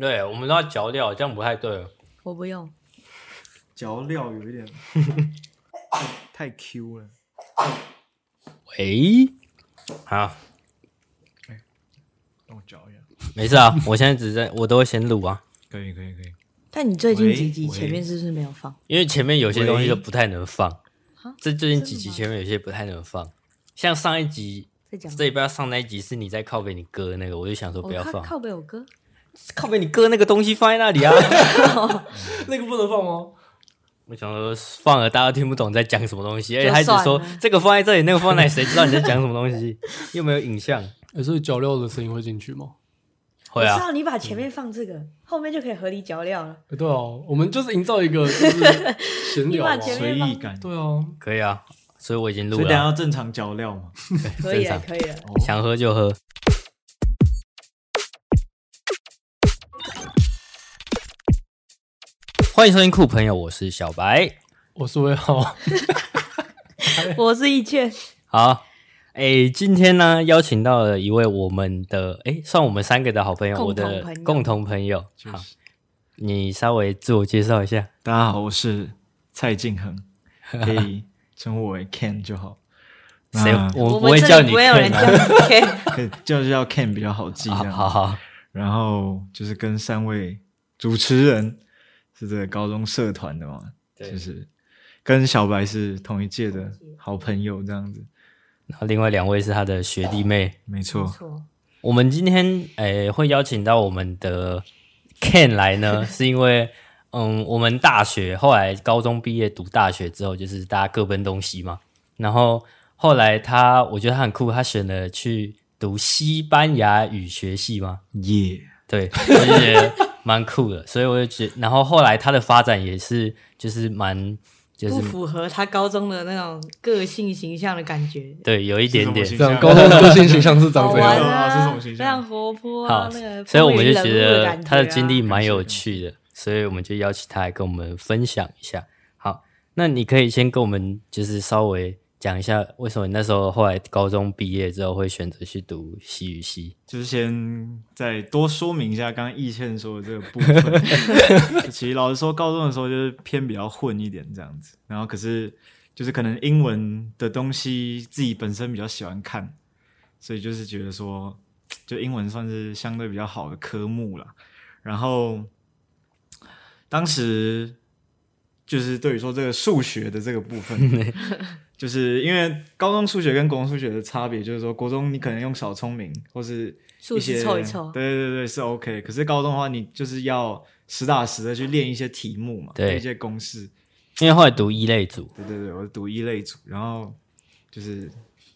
對，我們都要嚼料，這樣不太對了。我不用嚼料，有一點 太，太 Q 了。喂，好、欸，讓我嚼一下。沒事啊， 我現在只在，我都會先錄啊。可以，可以，可以。但你最近幾集前面是不是沒有放？喂因為前面有些東西都不太能放。喂這最近幾集前面有些不太能放，蛤像上一集，這一不要上那一集是你在靠北你哥的那個，我就想說不要放靠，靠北我哥。靠北，你擱那個東西放在那裡啊？ 那個不能放嗎？我想說放了，大家都聽不懂你在講什麼東西，而且還只說這個放在這裡，那個放那裡，誰知道你在講什麼東西？有 沒有影像，欸、所以嚼料的聲音會進去嗎？會啊。知道你把前面放這個，嗯、後面就可以合理嚼料了。欸、對哦、啊，我們就是營造一個就是閒聊隨 意感。對哦、啊，可以啊。所以我已經錄了，所以等下要正常嚼料嘛？ 可以、啊，可以啊。可以啊，想喝就喝。歡迎收音庫朋友，我是小白，我是魏浩， 我是易倩。好，哎、欸，今天呢，邀請到了一位我們的，哎、欸，算我們三個的好朋友，朋友我的共同朋友。就是、好，你稍微自我介紹一下。大家好，我是蔡靜恆，可以稱呼為 Ken 就好。誰 那？我，那我不會叫你，不會有人叫 k 就是叫 Ken 比較好記、啊。好好。然後就是跟三位主持人。是這個高中社團的嘛，對就是跟小白是同一屆的好朋友這樣子。然後另外兩位是他的學弟妹，啊、沒錯。沒錯我們今天誒、欸、會邀請到我們的 Ken 來呢， 是因為嗯，我們大學，後來高中畢業讀大學之後，就是大家各奔東西嘛。然後後來他，我覺得他很酷，他選了去讀西班牙語學系嘛。耶，Yeah. 對。就是 蠻酷的，所以我就覺得，然後後來他的發展也是，就是蠻，就是不符合他高中的那種個性形象的感覺。對，有一點點這種高中的個性形象是長這樣。啊、是什麼形象？非常活潑啊，那個好。所以我們就覺得他的經歷蠻有趣的，的所以我們就邀請他來跟我們分享一下。好，那你可以先跟我們就是稍微。講一下為什麼你那時候後來高中畢業之後會選擇去讀西語系？就是先再多說明一下剛剛毅倩說的這個部分。 其實老實說，高中的時候就是偏比較混一點這樣子，然後可是就是可能英文的東西自己本身比較喜歡看，所以就是覺得說，就英文算是相對比較好的科目了。然後當時就是對於說這個數學的這個部分。 就是因為高中數學跟國中數學的差別，就是說，國中你可能用小聰明，或是一些湊一湊，對對對是 OK，可是高中的話，你就是要實打實的去練一些題目嘛，對一些公式。因為後來讀一類組，對對對，我讀一類組，然後就是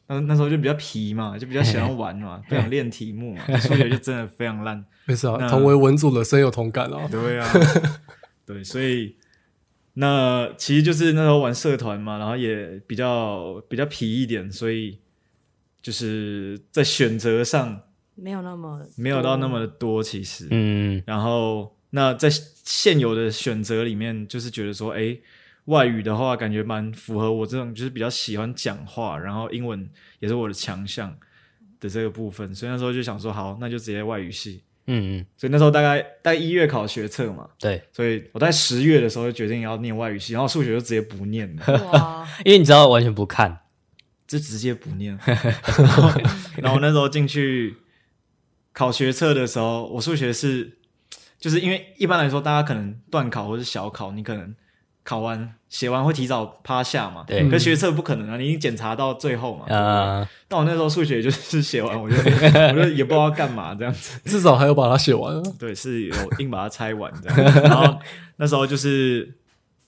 那那時候就比較皮嘛，就比較喜歡玩嘛，嘿不想練題目嘛，數嘿學就真的非常爛。沒事啊，那同為文組的深有同感哦。對啊，對，所以。那其實就是那時候玩社團嘛，然後也比較比較皮一點，所以就是在選擇上沒有那麼沒有到那麼的多，其實，嗯，然後那在現有的選擇裡面，就是覺得說，哎、欸，外語的話感覺蠻符合我這種，就是比較喜歡講話，然後英文也是我的強項的這個部分，所以那時候就想說，好，那就直接外語系。嗯嗯，所以那時候大概在一月考學測嘛，對，所以我在十月的時候就決定要念外語系，然後數學就直接不念了，哇 因為你知道，我完全不看，就直接不念。 然後，然後那時候進去考學測的時候，我數學是，就是因為一般來說大家可能段考或者是小考，你可能。考完寫完會提早趴下嘛？對。可是學測不可能啊！你已經檢查到最後嘛。啊。但我那時候數學就是寫完，我就我就也不知道要幹嘛這樣子。至少還要把它寫完。對，是有硬把它拆完這樣。然後那時候就是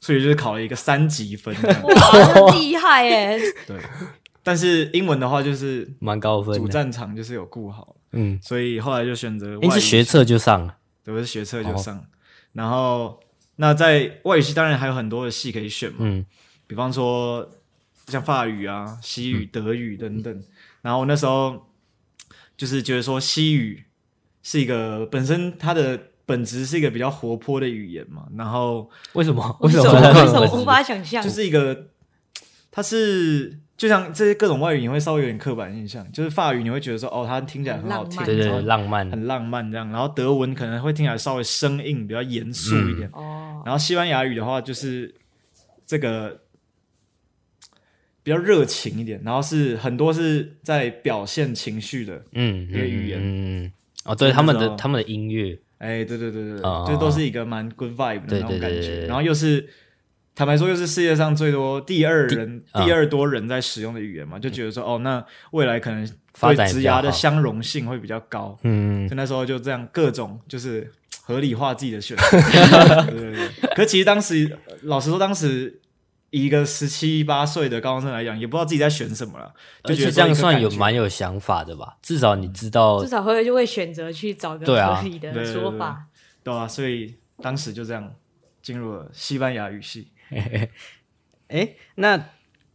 數學就是考了一個三級分，厲害耶！對。但是英文的話就是蠻高分，主戰場就是有顧好。嗯。所以後來就選擇，因為學測就上了，對，是學測就上了，然後。那在外語系當然還有很多的系可以選嘛，嗯、比方說像法語啊、西語、嗯、德語等等。然後那時候就是覺得說西語是一個本身它的本質是一個比較活潑的語言嘛。然後為什麼？為什麼？為什麼我無法想象？就是一個它是就像這些各種外語你會稍微有點刻板印象，嗯、就是法語你會覺得說哦，它聽起來很好聽，對對，浪漫很浪漫這樣。然後德文可能會聽起來稍微生硬，比較嚴肅一點。嗯然後西班牙語的話，就是這個比較熱情一點，然後是很多是在表現情緒的嗯，嗯，一個語言，嗯哦，對，他們的後他們的音樂，哎，對對對對對，這、哦、都是一個蠻 good vibe 的那種感覺。對對對對，然後又是坦白說，又是世界上最多第二人第、哦、第二多人在使用的語言嘛，就覺得說，哦，那未來可能會職涯的相容性會比較高。較，嗯，就那時候就這樣各種就是。合理化自己的選擇。 可其實當時， 老實說，當時一個十七八歲的高中生來講，也不知道自己在選什麼了。就是這樣算有蠻有想法的吧？至少你知道，至少會就會選擇去找個合理的說法，對、啊對對對。對啊，所以當時就這樣進入了西班牙語系。哎、 欸，那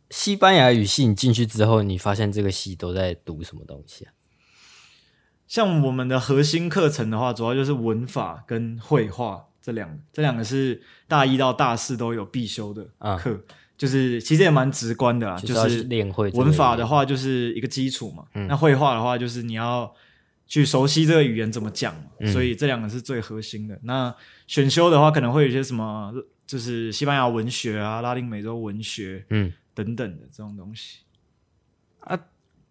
西班牙語系你進去之後，你發現這個系都在讀什麼東西啊？像我們的核心課程的話，主要就是文法跟會話這兩，這兩個是大一到大四都有必修的課，啊、就是其實也蠻直觀的啦，其實 就是練會文法的話就是一個基礎嘛，嗯、那會話的話就是你要去熟悉這個語言怎麼講、嗯、所以這兩個是最核心的。嗯、那選修的話可能會有些什麼，就是西班牙文學啊、拉丁美洲文學，嗯，等等的這種東西、嗯、啊，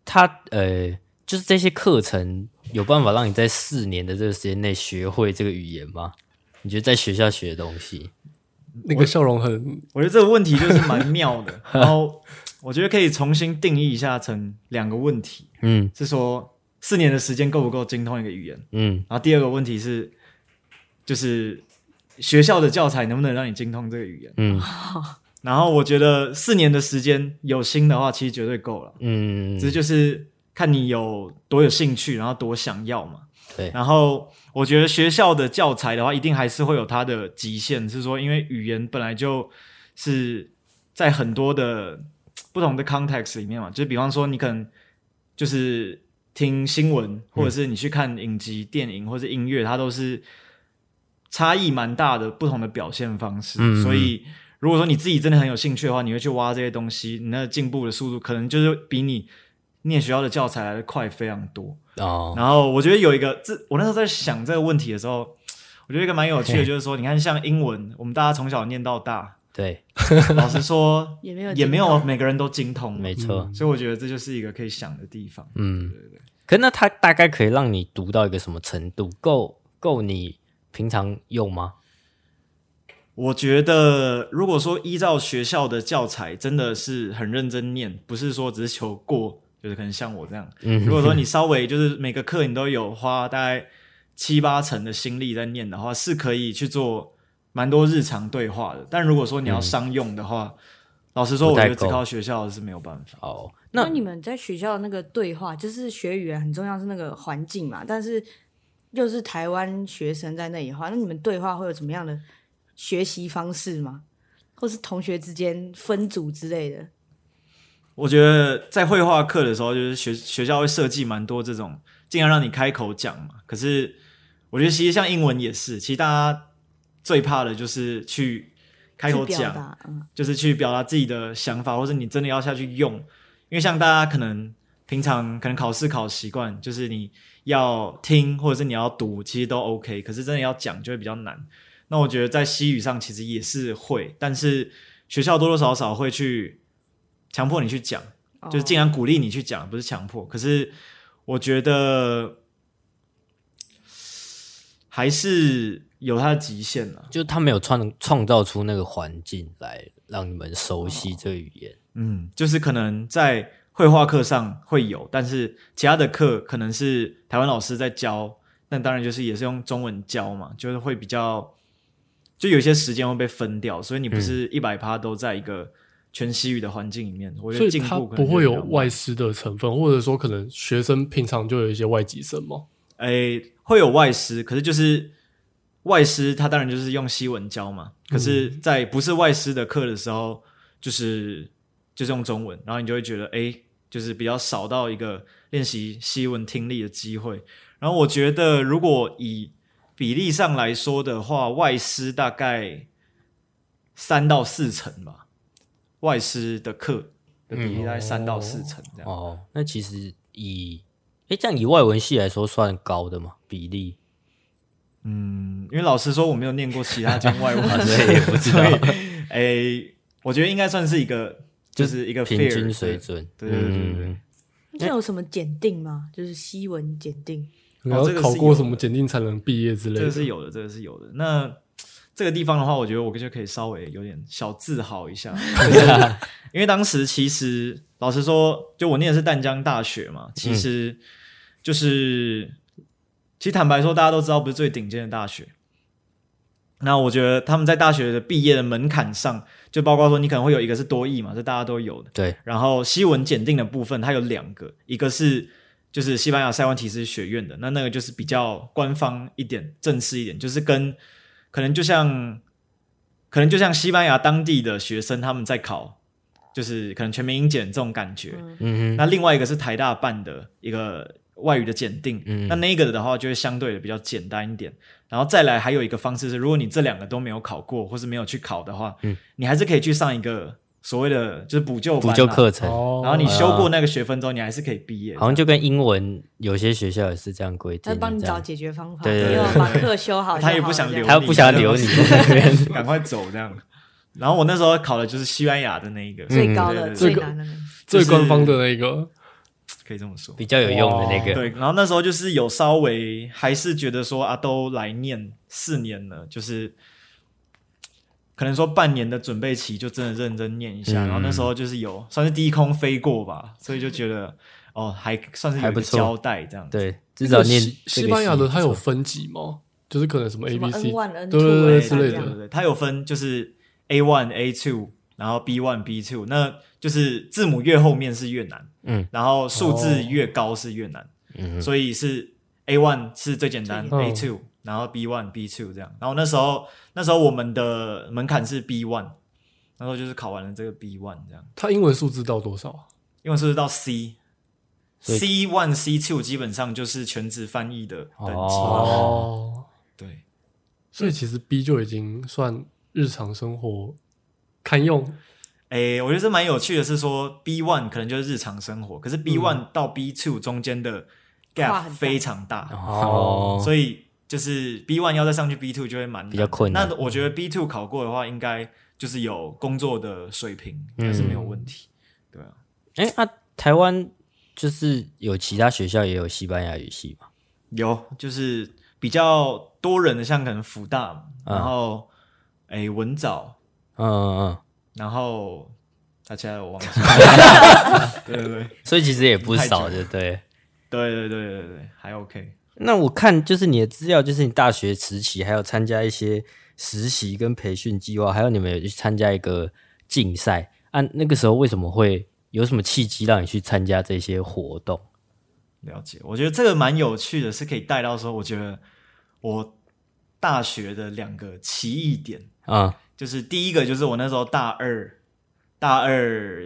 它呃。欸就是這些課程有辦法讓你在四年的這個時間內學會這個語言嗎？你覺得在學校學的東西，那個笑容很我……我覺得這個問題就是蠻妙的。 然後我覺得可以重新定義一下成兩個問題。嗯，是說四年的時間夠不夠精通一個語言？嗯，然後第二個問題是，就是學校的教材能不能讓你精通這個語言？嗯，然後我覺得四年的時間有心的話，其實絕對夠了。嗯，這就是。看你有多有興趣，然後多想要嘛。對。然後我覺得學校的教材的話，一定還是會有它的極限，是說，因為語言本來就是在很多的不同的 context 裡面嘛。就比方說，你可能就是聽新聞，或者是你去看影集、電影，或者音樂，嗯、它都是差異蠻大的不同的表現方式。嗯嗯，所以，如果說你自己真的很有興趣的話，你會去挖這些東西，你那個進步的速度可能就是比你。念學校的教材來的快非常多，oh. 然後我覺得有一個，這我那時候在想這個問題的時候，我覺得一個蠻有趣的，就是說，Okay. 你看像英文，我們大家從小念到大，對， 老實說也沒有也沒有每個人都精通，沒錯錯，嗯，所以我覺得這就是一個可以想的地方，嗯，對對對，可那它大概可以讓你讀到一個什麼程度？夠夠你平常用嗎？我覺得如果說依照學校的教材，真的是很認真念，不是說只是求過。就是可能像我這樣，如果說你稍微就是每個課你都有花大概七八成的心力在念的話，是可以去做蠻多日常對話的。但如果說你要商用的話，嗯，老實說，我覺得只靠學校是沒有辦法。哦，oh, 那你們在學校那個對話，就是學語言很重要是那個環境嘛？但是又是台灣學生在那裡的話，那你們對話會有怎麼樣的學習方式嗎？或是同學之間分組之類的？我覺得在會話課的時候，就是學學校會設計蠻多這種，盡量讓你開口講嘛。可是我覺得其實像英文也是，其實大家最怕的就是去開口講，嗯、就是去表達自己的想法，或者你真的要下去用。因為像大家可能平常可能考試考習慣，就是你要聽或者是你要讀，其實都 OK。可是真的要講就會比較難。那我覺得在西語上其實也是會，但是學校多多少少會去。強迫你去講，就是盡量鼓勵你去講，oh. 不是強迫。可是我覺得還是有它的極限了，就是他沒有創創造出那個環境來讓你們熟悉這個語言。Oh. 嗯，就是可能在繪畫課上會有，但是其他的課可能是台灣老師在教，但當然就是也是用中文教嘛，就是會比較，就有些時間會被分掉，所以你不是一百趴都在一個。嗯。全西語的環境裡面，我覺得進步會不會有外師的成分，或者說可能學生平常就有一些外籍生嗎？哎、欸，會有外師，可是就是外師，他當然就是用西文教嘛。可是，在不是外師的課的時候，就是、嗯、就是用中文，然後你就會覺得，哎、欸，就是比較少到一個練習西文聽力的機會。然後我覺得，如果以比例上來說的話，外師大概三到四成吧。外師的課的比例在三到四成這樣、嗯哦。哦，那其實以哎、欸、這樣以外文系來說算高的嘛比例？嗯，因為老實說我沒有念過其他兼外文啊之類的， 所以哎、欸，我覺得應該算是一個，就是一個 fair, 平均水準。對對對對。那、嗯、有什麼檢定嗎？就是西文檢定？你要、哦、考過什麼檢定才能畢業之類的？這個是有的，這個是有的。那。這個地方的話，我覺得我就可以稍微有點小自豪一下， 因為當時其實老實說，就我念的是淡江大學嘛，其實就是、嗯、其實坦白說，大家都知道不是最頂尖的大學。那我覺得他們在大學的畢業的門檻上，就包括說你可能會有一個是多益嘛，這大家都有的。對。然後西文檢定的部分，它有兩個，一個是就是西班牙塞萬提斯學院的，那那個就是比較官方一點、正式一點，就是跟。可能就像，可能就像西班牙當地的學生他們在考，就是可能全民英檢這種感覺。嗯哼。那另外一個是台大辦的一個外語的檢定，嗯。那那個的話就會相對的比較簡單一點。然後再來還有一個方式是，如果你這兩個都沒有考過，或是沒有去考的話，嗯，你還是可以去上一個。所謂的就是補救補救課程，然後你修過那個學分之後，你還是可以畢業。好像就跟英文有些學校也是這樣規定，這幫你找解決方法，對把課修好。他也不想留，他也不想留你，趕快走這樣。然後我那時候考的就是西班牙的那一個最高的、最高的、最官方的那一個，可以這麼說，比較有用的那個。對，然後那時候就是有稍微還是覺得說啊，都來念四年了，就是。可能說半年的準備期就真的認真念一下，嗯、然後那時候就是有算是低空飛過吧，嗯、所以就覺得哦，還算是有個交代這樣子。對，至少念。西班牙的它有分級嗎？就是可能什麼 A、B、C、One、Two 之類的，它有分，就是 A One、A Two，然後 B One、B Two，那就是字母越後面是越難，嗯，然後數字越高是越難，哦、所以是 A One 是最簡單對，A Two。然後 B one B two 這樣，然後那時候那時候我們的門檻是 B one，那時候就是考完了這個 B one 這樣。它英文數字到多少啊？英文數字到 C，C one C two 以基本上就是全職翻譯的等級。哦，對，所以，對所以其實 B 就已經算日常生活堪用。誒、欸，我覺得蠻有趣的，是說 B one 可能就是日常生活，可是 B one、嗯、到 B two 中間的 gap 非常大，哦、啊，嗯、所以。就是 B one 要再上去 B two 就會蠻比較困難。那我覺得 B two 考過的話，應該就是有工作的水平該、嗯、是沒有問題。對啊，誒、欸，那、啊、台灣就是有其他學校也有西班牙語系吧？有，就是比較多人的，像可能輔大，然後哎、嗯欸、文藻，嗯，嗯嗯，然後、啊、其他的我忘記了。 對，對對，所以其實也不少對，對對對對對對對，還 OK。那我看就是你的資料，就是你大學時期還有參加一些實習跟培訓計劃，還有你們有去參加一個競賽。啊，那個時候為什麼會有什麼契機讓你去參加這些活動？了解，我覺得這個蠻有趣的，是可以帶到說，我覺得我大學的兩個奇異點啊，嗯、就是第一個就是我那時候大二、大二、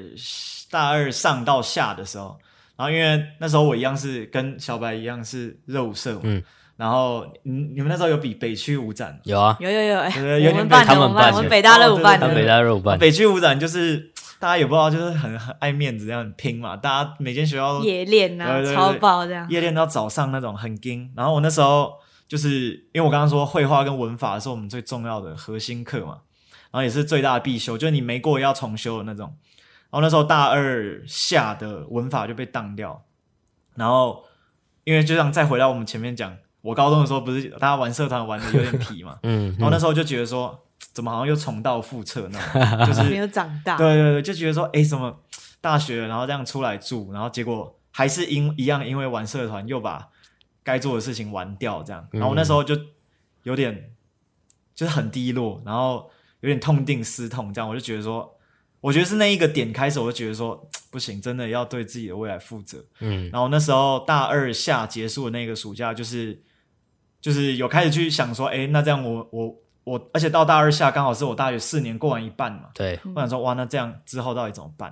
大二上到下的時候。然後因為那時候我一樣是跟小白一樣是熱舞社，嗯，然後你你們那時候有比北區舞展？有啊，有有有，對對對，我們辦他們辦，我們辦我們北大熱舞辦、哦，對對北大熱舞辦。對對，北區舞展就是，嗯、大家也不知道，就是很很愛面子這樣拼嘛，大家每間學校都夜練吶，超爆這樣，夜練到早上那種很驚，然後我那時候就是因為我剛剛說會話跟文法是我們最重要的核心課嘛，然後也是最大的必修，就是你沒過要重修的那種。然後那時候大二下的文法就被當掉，然後因為就像再回到我們前面講，我高中的時候不是大家玩社團玩的有點皮嘛、 嗯，嗯，然後那時候就覺得說怎麼好像又重蹈覆轍呢？就是沒有長大，對，對對對，就覺得說哎、欸，什麼大學然後這樣出來住，然後結果還是因一樣因為玩社團又把該做的事情玩掉這樣，然後那時候就有點就是很低落，然後有點痛定思痛，這樣我就覺得說。我覺得是那一個點開始，我就覺得說不行，真的要對自己的未來負責。嗯，然後那時候大二下結束的那個暑假，就是就是有開始去想說，哎、欸，那這樣我我我，而且到大二下剛好是我大學四年過完一半嘛，對。我想說，哇，那這樣之後到底怎麼辦？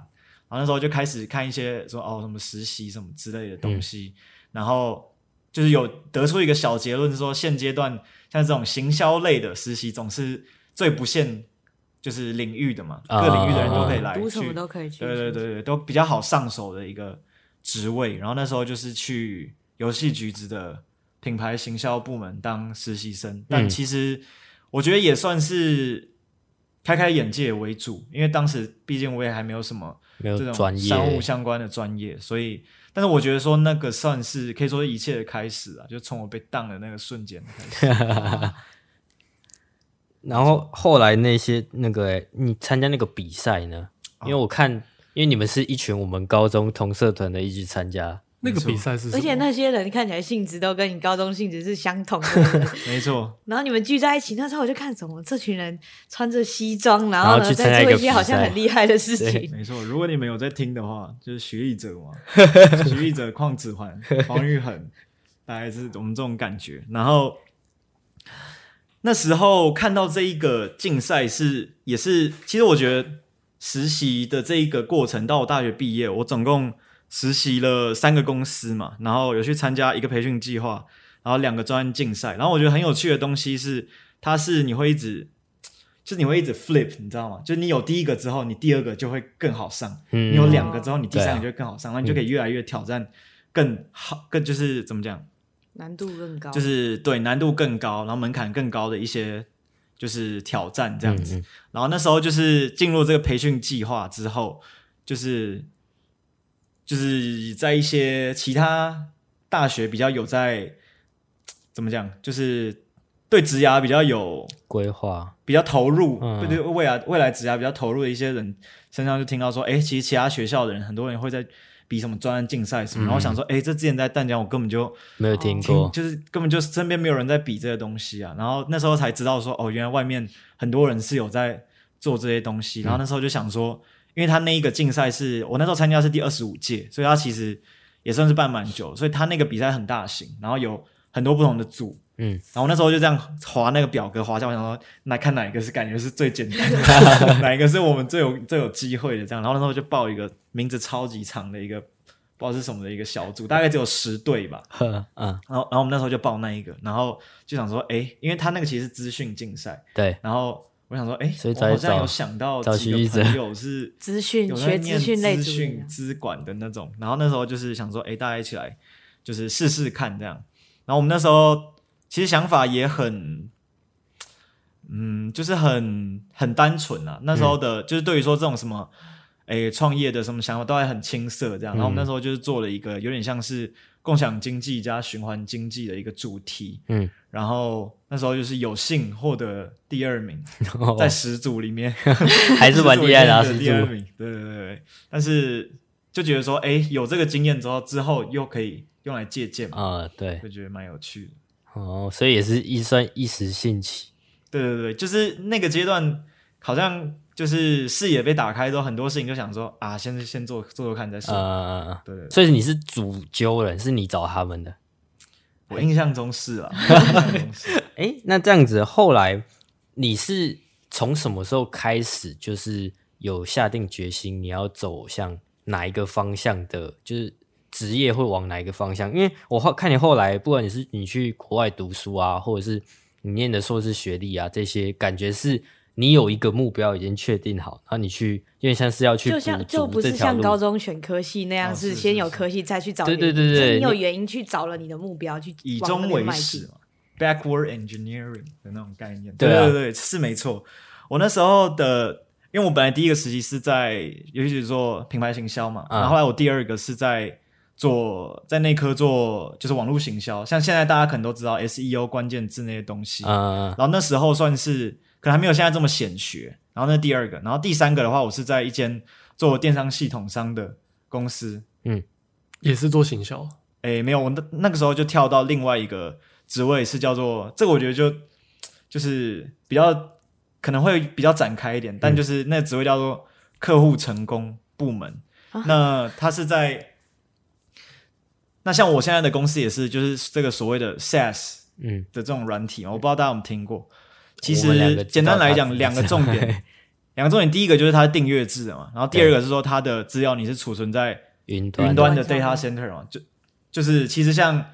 然後那時候就開始看一些說哦，什麼實習什麼之類的東西，嗯、然後就是有得出一個小結論，說現階段像這種行銷類的實習總是最不限。就是領域的嘛，各領域的人都可以來，都可以去。Uh huh. 對對對，都比較好上手的一個職位。然後那時候就是去遊戲橘子的品牌行銷部門當實習生，嗯、但其實我覺得也算是開開眼界為主，因為當時畢竟我也還沒有什麼這種商務相關的專業，所以，但是我覺得說那個算是可以說一切的開始啊，就從我被當的那個瞬間開始。 然後後來那些那個誒你參加那個比賽呢？因為我看，因為你們是一群我們高中同社團的一起參加錯那個比賽是什麼，而且那些人看起來性質都跟你高中性質是相同的， 對對沒錯。然後你們聚在一起那時候我就看什麼，這群人穿着西裝，然後,呢然後去參加一,在做一些好像很厲害的事情。啊、對沒錯，如果你們有在聽的話，就是徐藝哲嘛，徐藝哲、鄺子桓、方玉恆， 大概就是我們這種感覺。然後。那時候看到這一個競賽是也是，其實我覺得實習的這一個過程，到我大學畢業，我總共實習了三個公司嘛，然後有去參加一個培訓計劃，然後兩個專業競賽。然後我覺得很有趣的東西是，它是你會一直，就是你會一直 flip，你知道嗎？就是你有第一個之後，你第二個就會更好上；嗯、你有兩個之後，你第三個就會更好上，那、啊、你就可以越來越挑戰更，更好、嗯，更就是怎麼講？難度更高，就是對難度更高，然後門檻更高的一些就是挑戰這樣子。嗯嗯、然後那時候就是進入這個培訓計劃之後，就是就是在一些其他大學比較有在怎麼講，就是對職涯比較有規劃、劃比較投入，對、嗯、對，未來未來職涯比較投入的一些人身上，就聽到說，誒、欸，其實其他學校的人很多人會在。比什麼專案競賽什麼，嗯、然後想說，哎、欸，這之前在淡江我根本就沒有聽過聽，就是根本就身邊沒有人在比這些東西啊。然後那時候才知道說，哦，原來外面很多人是有在做這些東西。嗯、然後那時候就想說，因為他那一個競賽是我那時候參加是第二十五屆，所以他其實也算是辦蠻久，所以他那個比賽很大型，然後有很多不同的組。嗯，然後我那時候就這樣劃那個表格劃下，我想說，那看哪一個是感覺是最簡單的， 哪一個是我們最有最有機會的這樣。然後那時候就報一個名字超級長的一個不知道是什麼的一個小組，大概只有十隊吧。嗯，然後然後我們那時候就報那一個，然後就想說，哎、欸，因為他那個其實是資訊競賽，對。然後我想說，哎、欸，所以在我好像有想到幾個朋友是資訊學資訊資訊資管的那種。然後那時候就是想說，哎、欸，大家一起來就是試試看這樣。然後我們那時候。其實想法也很，嗯，就是很很單純啊。那時候的，嗯、就是對於說這種什麼，哎、欸，創業的什麼想法，都還很青澀這樣。嗯、然後我們那時候就是做了一個有點像是共享經濟加循環經濟的一個主題，嗯，然後那時候就是有幸獲得第二名，哦、在十組裡面，哦、呵呵還是蠻厲害的第二名，對對對對。但是就覺得說，哎、欸，有這個經驗之後，之後又可以用來借鑑嘛，啊、呃，對，就覺得蠻有趣的。哦，所以也是一算一時興起，對對對，就是那個階段，好像就是視野被打開之後，很多事情就想說啊，先先做做做看再說。啊、呃，對對，對對，所以你是主揪人，是你找他們的。我印象中是了，哎、欸 欸，那這樣子，後來你是從什麼時候開始，就是有下定決心你要走向哪一個方向的，就是？職業會往哪一個方向？因為我後看你後來，不管你是你去國外讀書啊，或者是你念的碩士學歷啊，這些感覺是你有一個目標已經確定好，然後你去，因為像是要去，就像就不是像高中選科系那樣，是先有科系再去找，哦是是是。對對對對，有你有原因去找了你的目標，去以終為始 backward engineering 的那種概念。對，啊、對對對，是沒錯。我那時候的，因為我本來第一個實習是在，尤其是做品牌行銷嘛，嗯、然後後來我第二個是在。做在那科做就是網絡行銷，像現在大家可能都知道 SEO 關鍵字那些東西，啊、然後那時候算是可能還沒有現在這麼顯學。然後那第二個，然後第三個的話，我是在一間做電商系統商的公司，嗯，也是做行銷。哎、嗯，沒有，我那那個時候就跳到另外一個職位，是叫做這個，我覺得就就是比較可能會比較展開一點，但就是那個職位叫做客戶成功部門，嗯、那他是在。那像我現在的公司也是，就是這個所謂的 SaaS 的這種軟體，我不知道大家有沒有聽過。其實簡單來講，兩個重點，兩個重點，第一個就是它是訂閱制的嘛，然後第二個是說它的資料你是儲存在雲端雲端的 data center 嘛，就就是其實像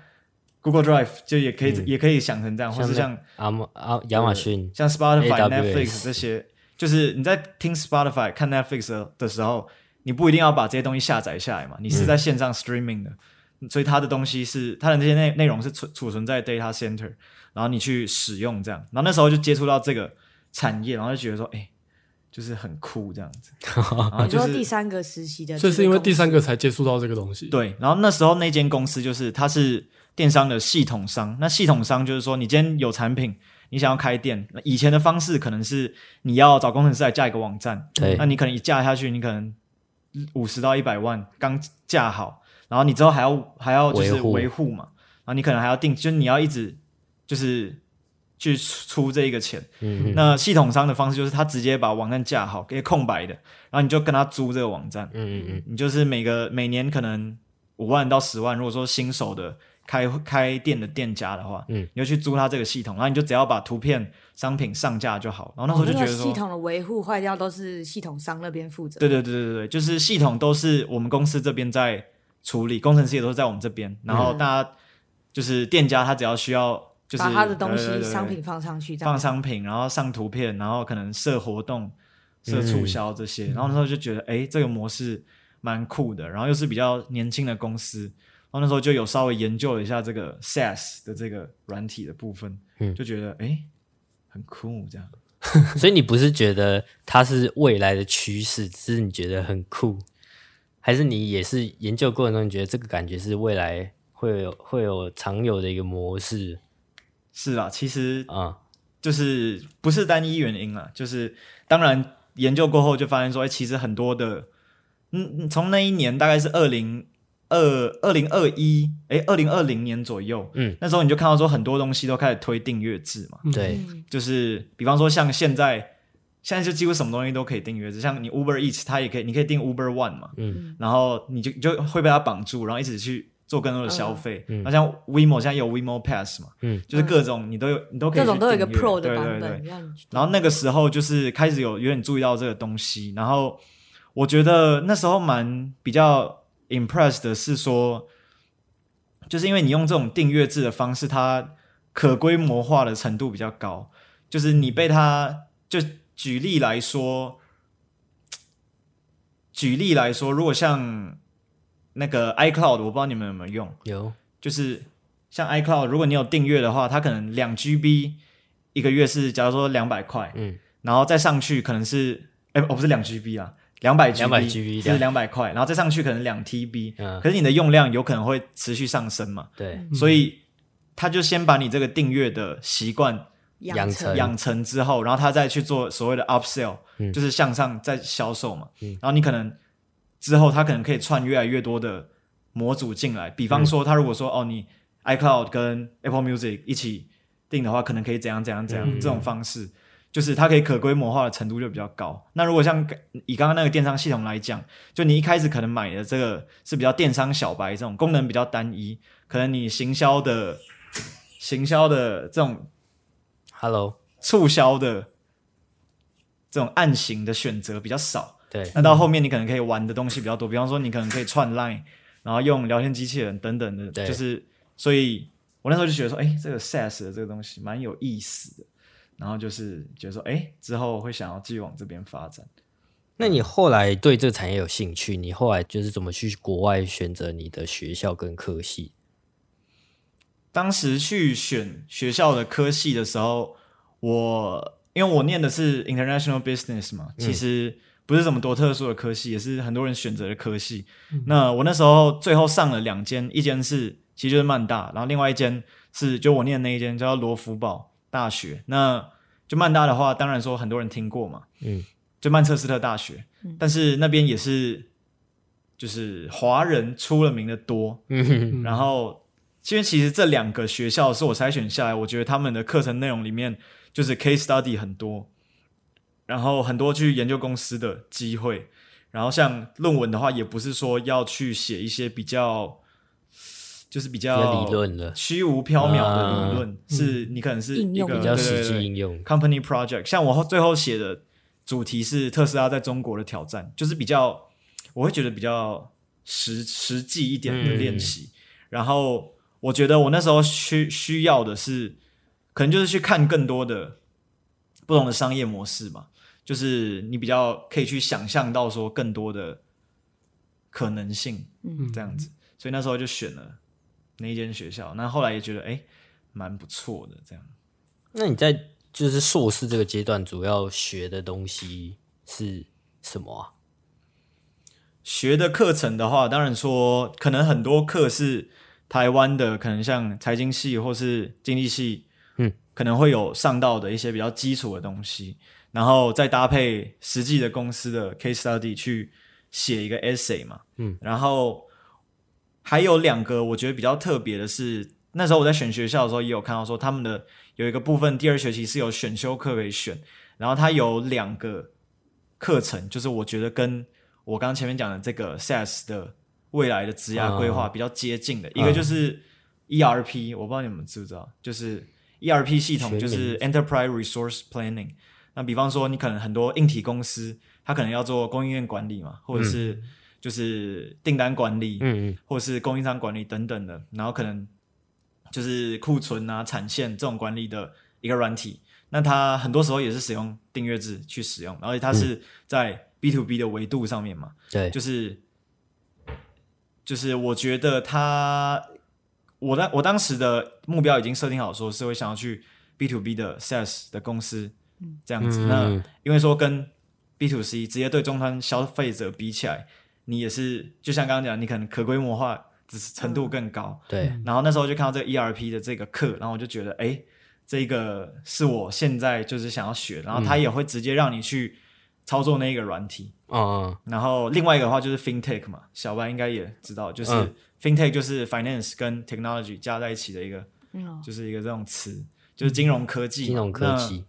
Google Drive 就也可以也可以想成這樣，或是像阿阿亞馬遜、像 Spotify、Netflix 這些，就是你在聽 Spotify 看 Netflix 的時候，你不一定要把這些東西下載下來嘛，你是在線上 streaming 的。所以他的東西是他的這些內內容是儲儲存在 data center，然後你去使用這樣，然後那時候就接觸到這個產業，然後就覺得說，哎、欸，就是很酷這樣子。然後就是第三個實習的，這、 就是、是因為第三個才接觸到這個東西。對，然後那時候那間公司就是它是電商的系統商，那系統商就是說你今天有產品，你想要開店，以前的方式可能是你要找工程師來架一個網站，對、嗯，那你可能一架下去，你可能五十到一百萬剛架好。然後你之後還要還要就是維護嘛，護然後你可能還要定，就是你要一直就是去出，出這一個錢。嗯嗯。那系統商的方式就是他直接把網站架好，給空白的，然後你就跟他租這個網站。嗯嗯嗯。你就是每個每年可能五萬到十萬，如果說新手的開開店的店家的話，嗯，你就去租他這個系統，然後你就只要把圖片商品上架就好。然後那時候就覺得、哦那個、系統的維護壞掉都是系統商那邊負責。對對對對對，就是系統都是我們公司這邊在。處理工程師也都是在我們這邊，嗯、然後大家就是店家，他只要需要，就是把他的東西對對對對商品放上去，放商品，然後上圖片，然後可能設活動、設促銷這些。嗯、然後那時候就覺得，哎、嗯，這個模式蠻酷的，然後又是比較年輕的公司，然後那時候就有稍微研究了一下這個 SaaS 的這個軟體的部分，嗯、就覺得哎很酷這樣。嗯、 所以你不是覺得它是未來的趨勢，只是你覺得很酷？還是你也是研究過程中你覺得這個感覺是未來會有會有常有的一個模式？是啊，其實啊，就是不是單一原因啊，嗯、就是當然研究過後就發現說，哎、欸，其實很多的，嗯，從那一年大概是二零二二零二一，哎，二零二零年左右，嗯，那時候你就看到說很多東西都開始推訂閱制嘛，對，就是比方說像現在。現在就幾乎什麼東西都可以訂閱，就像你 Uber Eats，它也可以，你可以訂 Uber One 嘛，嗯、然後你就就會被它綁住，然後一直去做更多的消費。那、嗯、像 WeMo、嗯、現在有 WeMo Pass 嘛，嗯、就是各種你都有，你都可以各、嗯、種都有一個 Pro 的版本。對對對，然後那個時候就是開始有有點注意到這個東西，然後我覺得那時候蠻比較 impressed 的是說，就是因為你用這種訂閱制的方式，它可規模化的程度比較高，就是你被它就。舉例來說，舉例來說，如果像那個 iCloud，我不知道你們有沒有用，有，就是像 iCloud，如果你有訂閱的話，它可能兩 GB 一個月是，假如說兩百塊，然後再上去可能是，哎，我不是兩 GB 啊，兩百，兩百 GB 是兩百塊，然後再上去可能兩 TB，嗯，可是你的用量有可能會持續上升嘛，對，嗯，所以他就先把你這個訂閱的習慣。養成、養成之後，然後他再去做所謂的 upsell，、嗯、就是向上再銷售嘛。嗯、然後你可能之後他可能可以串越來越多的模組進來。比方說，他如果說、嗯、哦，你 iCloud 跟 Apple Music 一起訂的話，可能可以怎樣怎樣怎樣。嗯嗯嗯這種方式就是它可以可規模化的程度就比較高。那如果像以剛剛那個電商系統來講，就你一開始可能買的這個是比較電商小白這種功能比較單一，可能你行銷的行銷的這種。Hello，促銷的這種案型的選擇比較少，對。那到後面你可能可以玩的東西比較多，比方說你可能可以串 line，然後用聊天機器人等等的，對。就是，所以我那時候就覺得說，欸，這個 SaaS 的這個東西蠻有意思的。然後就是覺得說，欸，之後會想要繼續往這邊發展。那你後來對這個產業有興趣，你後來就是怎麼去國外選擇你的學校跟科系？當時去選學校的科系的時候，我因為我念的是 International Business 嘛，嗯、其實不是什麼多特殊的科系，也是很多人選擇的科系。嗯、那我那時候最後上了兩間，一間是其實就是曼大，然後另外一間是就我念的那一間，叫羅福堡大學。那就曼大的話，當然說很多人聽過嘛，嗯，就曼徹斯特大學，但是那邊也是就是華人出了名的多，嗯、然後。因為其實這兩個學校是我篩選下來，我覺得他們的課程內容裡面就是 case study 很多，然後很多去研究公司的機會，然後像論文的話，也不是說要去寫一些比較，就是比較虛無縹緲的理論，啊、是、嗯、你可能是一個比較實際應用 company project。像我最後寫的主題是特斯拉在中國的挑戰，就是比較我會覺得比較實實際一點的練習，嗯、然後。我覺得我那時候需需要的是，可能就是去看更多的不同的商業模式吧。哦、就是你比較可以去想象到說更多的可能性，嗯，這樣子。嗯、所以那時候就選了那間學校，那後，後來也覺得哎，蠻、欸、不錯的這樣。那你在就是碩士這個階段主要學的東西是什麼啊？學的課程的話，當然說可能很多課是。台灣的可能像財經系或是經濟系，嗯，可能會有上到的一些比較基礎的東西，嗯，然後再搭配實際的公司的 case study 去寫一個 essay 嘛，嗯，然後還有兩個我覺得比較特別的是，那時候我在選學校的時候也有看到說他們的有一個部分第二學期是有選修課可以選，然後它有兩個課程，就是我覺得跟我剛剛前面講的這個 SAS 的未來的職業規劃比較接近的、嗯、一個就是 ERP，、嗯、我不知道你們知不知道，就是 ERP 系統全名就是 Enterprise Resource Planning。那比方說，你可能很多硬體公司，它可能要做供應鏈管理嘛，或者是就是訂單管理，嗯，或者是供應商管理等等的，嗯嗯、然後可能就是庫存啊、產線這種管理的一個軟體。那它很多時候也是使用訂閱制去使用，而且它是在 B to B 的維度上面嘛，對、嗯，就是。就是我覺得他，我當我當時的目標已經設定好，說是會想要去 B to B 的 Sales、嗯、的公司，這樣子。那因為說跟 B to C 直接對終端消費者比起來，你也是就像剛剛講，你可能可規模化程度更高。對。然後那時候就看到這個 ERP 的這個課，然後我就覺得，哎、欸，這個是我現在就是想要學。然後他也會直接讓你去操作那一個軟體。嗯啊、uh, 然後另外一個的話就是 fintech 嘛，小白應該也知道，就是 fintech 就是 finance 跟 technology 加在一起的一個，嗯哦、就是一個這種詞，就是金融科技。嗯、金融科技。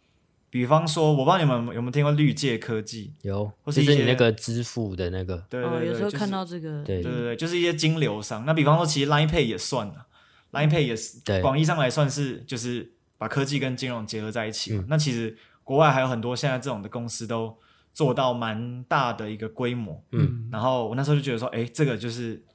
比方說，我不知道你們有沒有聽過綠界科技，有，或是一些就是你那個支付的那個，對，對，對，哦，有時候看到這個、就是，對對對，就是一些金流商。那比方說，其實 Line Pay 也算了，Line Pay 也是對廣義上來算是就是把科技跟金融結合在一起嘛。嗯、那其實國外還有很多現在這種的公司都。做到蠻大的一個規模，嗯，然後我那時候就覺得說，哎、欸，這個就是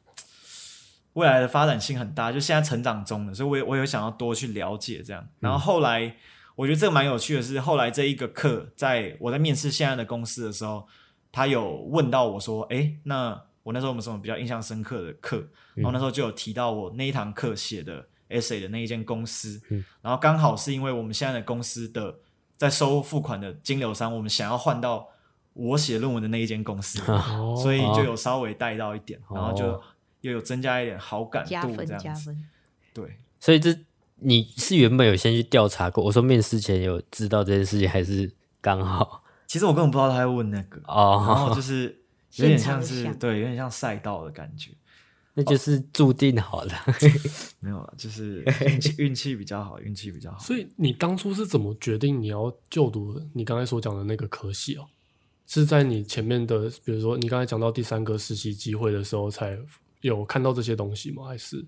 未來的發展性很大，就現在成長中的，所以我也我也有想要多去了解這樣。然後後來我覺得這個蠻有趣的是，後來這一個課，在我在面試現在的公司的時候，他有問到我說，哎、欸，那我那時候有什麼比較印象深刻的課？然後那時候就有提到我那一堂課寫的 essay 的那一間公司，嗯，然後剛好是因為我們現在的公司的在收付款的金流商，我們想要換到。我寫論文的那一間公司，哦、所以就有稍微帶到一點，哦、然後就又有增加一點好感度這樣子。對，所以這你是原本有先去調查過？我說面試前有知道這件事情，還是剛好？其實我根本不知道他會問那個哦，然後就是有點像是場對，有點像賽道的感覺，那就是注定好了、哦。 沒有了，就是運氣比較好，運氣比較好。所以你當初是怎麼決定你要就讀你剛才所講的那個科系哦、喔？是在你前面的，比如說你剛才講到第三個實習機會的時候，才有看到這些東西嗎？還是？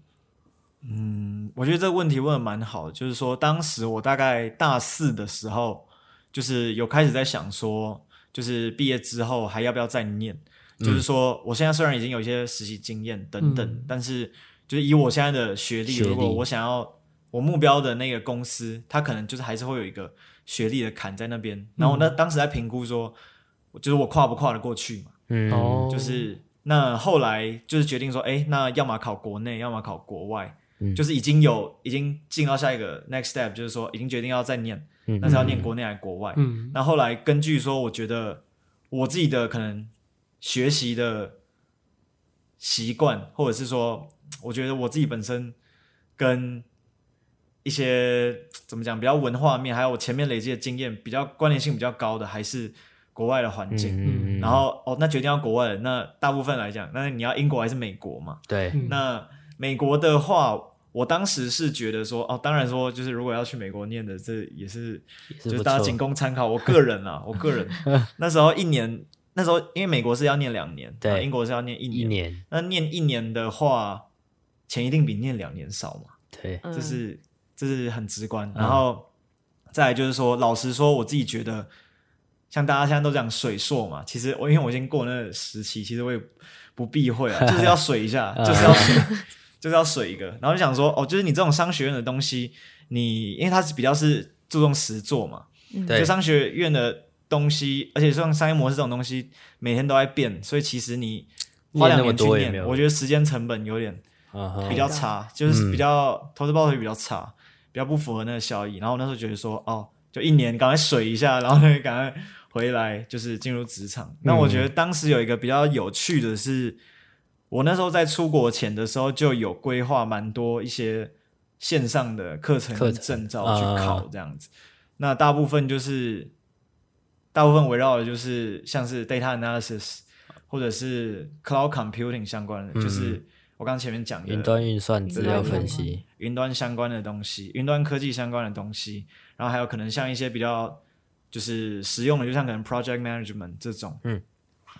嗯，我覺得這個問題問得蠻好的，就是說當時我大概大四的時候，就是有開始在想說，就是畢業之後還要不要再念？嗯、就是說我現在雖然已經有一些實習經驗等等，嗯、但是就是以我現在的學歷，如果歷我想要我目標的那個公司，它可能就是還是會有一個學歷的坎在那邊。嗯、然後我那當時在評估說。就是我跨不跨得過去嘛？嗯，就是那後來就是決定說，哎，那要麼考國內，要麼考國外。就是已經有已經進到下一個 next step，就是說已經決定要再念，但是要念國內還是國外？嗯，那後來根據說，我覺得我自己的可能學習的習慣，或者是說，我覺得我自己本身跟一些怎麼講比較文化面，還有我前面累積的經驗比較關聯性比較高的，還是。國外的環境，嗯嗯、然後哦，那決定要國外的，那大部分來講，那你要英國還是美國嘛？對，那美國的話，我當時是覺得說，哦，當然說，就是如果要去美國念的，這也是，也是就是大家僅供參考。我個人啊， 我個人那時候一年，那時候因為美國是要念兩年，對，英國是要念一年，一年那念一年的話，錢一定比念兩年少嘛？對，這是這是很直觀。嗯、然後再來就是說，老實說，我自己覺得。像大家現在都講水碩嘛，其實我因為我已經過那個時期，其實我也不避諱了， 就是要水一下， 就是要 就是要水一個，然後就想說哦，就是你這種商學院的東西，你因為它是比較是注重實作嘛，對、嗯，就商學院的東西，而且像商業模式這種東西每天都在變，所以其實你花兩年去念，變多我覺得時間成本有點、uh huh、比較差，就是比較、嗯、投資報酬率比較差，比較不符合那個效益。然後我那時候覺得說哦，就一年趕快水一下，然後趕快。回來就是進入職場。那我覺得當時有一個比較有趣的是，嗯、我那時候在出國前的時候就有規劃蠻多一些線上的課程、證照去考，這樣子。啊、那大部分就是大部分圍繞的就是像是 data analysis 或者是 cloud computing 相關的，嗯、就是我剛前面講的雲端運算、資料分析、雲端相關的東西、雲端科技相關的東西，然後還有可能像一些比較。就是實用的，就像可能 project management 這種，嗯，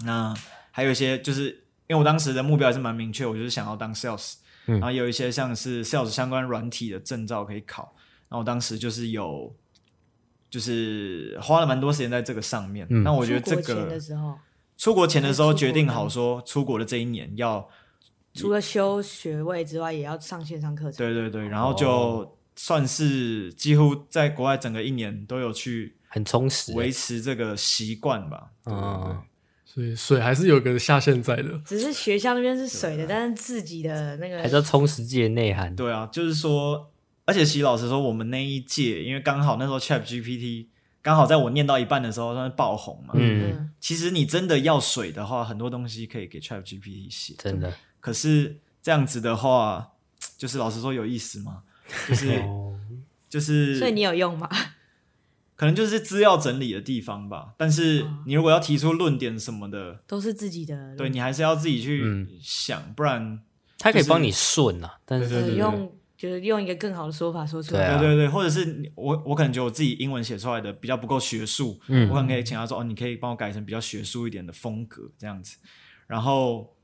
那還有一些，就是因為我當時的目標還是蠻明確，我就是想要當 sales，嗯，然後有一些像是 sales 相關軟體的證照可以考，然後我當時就是有，就是花了蠻多時間在這個上面，嗯，那我覺得這個出國前的時候，出國前的時候決定好說，出國的這一年要除了修學位之外，也要上線上課程，對對對，然後就算是幾乎在國外整個一年都有去。很充實，維持這個習慣吧。對對啊，所以水還是有個下限在的。只是學校那邊是水的，啊、但是自己的那個，還是要充實自己的內涵。對啊，就是說，而且徐老師說，我們那一屆，因為剛好那時候 Chat GPT，剛好在我念到一半的時候，它爆紅嘛。嗯。嗯，其實你真的要水的話，很多東西可以給 Chat GPT 寫，真的。可是這樣子的話，就是老實說，有意思嗎？就是 就是，所以你有用嗎？可能就是資料整理的地方吧，但是你如果要提出論點什麼的，哦，都是自己的，對，你還是要自己去想，嗯，不然他、就是、可以幫你順啊，但是用就是用一個更好的說法說出來，對啊，對對對，或者是我我可能覺得我自己英文寫出來的比較不夠學術，嗯，我可能可以請他說哦，你可以幫我改成比較學術一點的風格這樣子，然後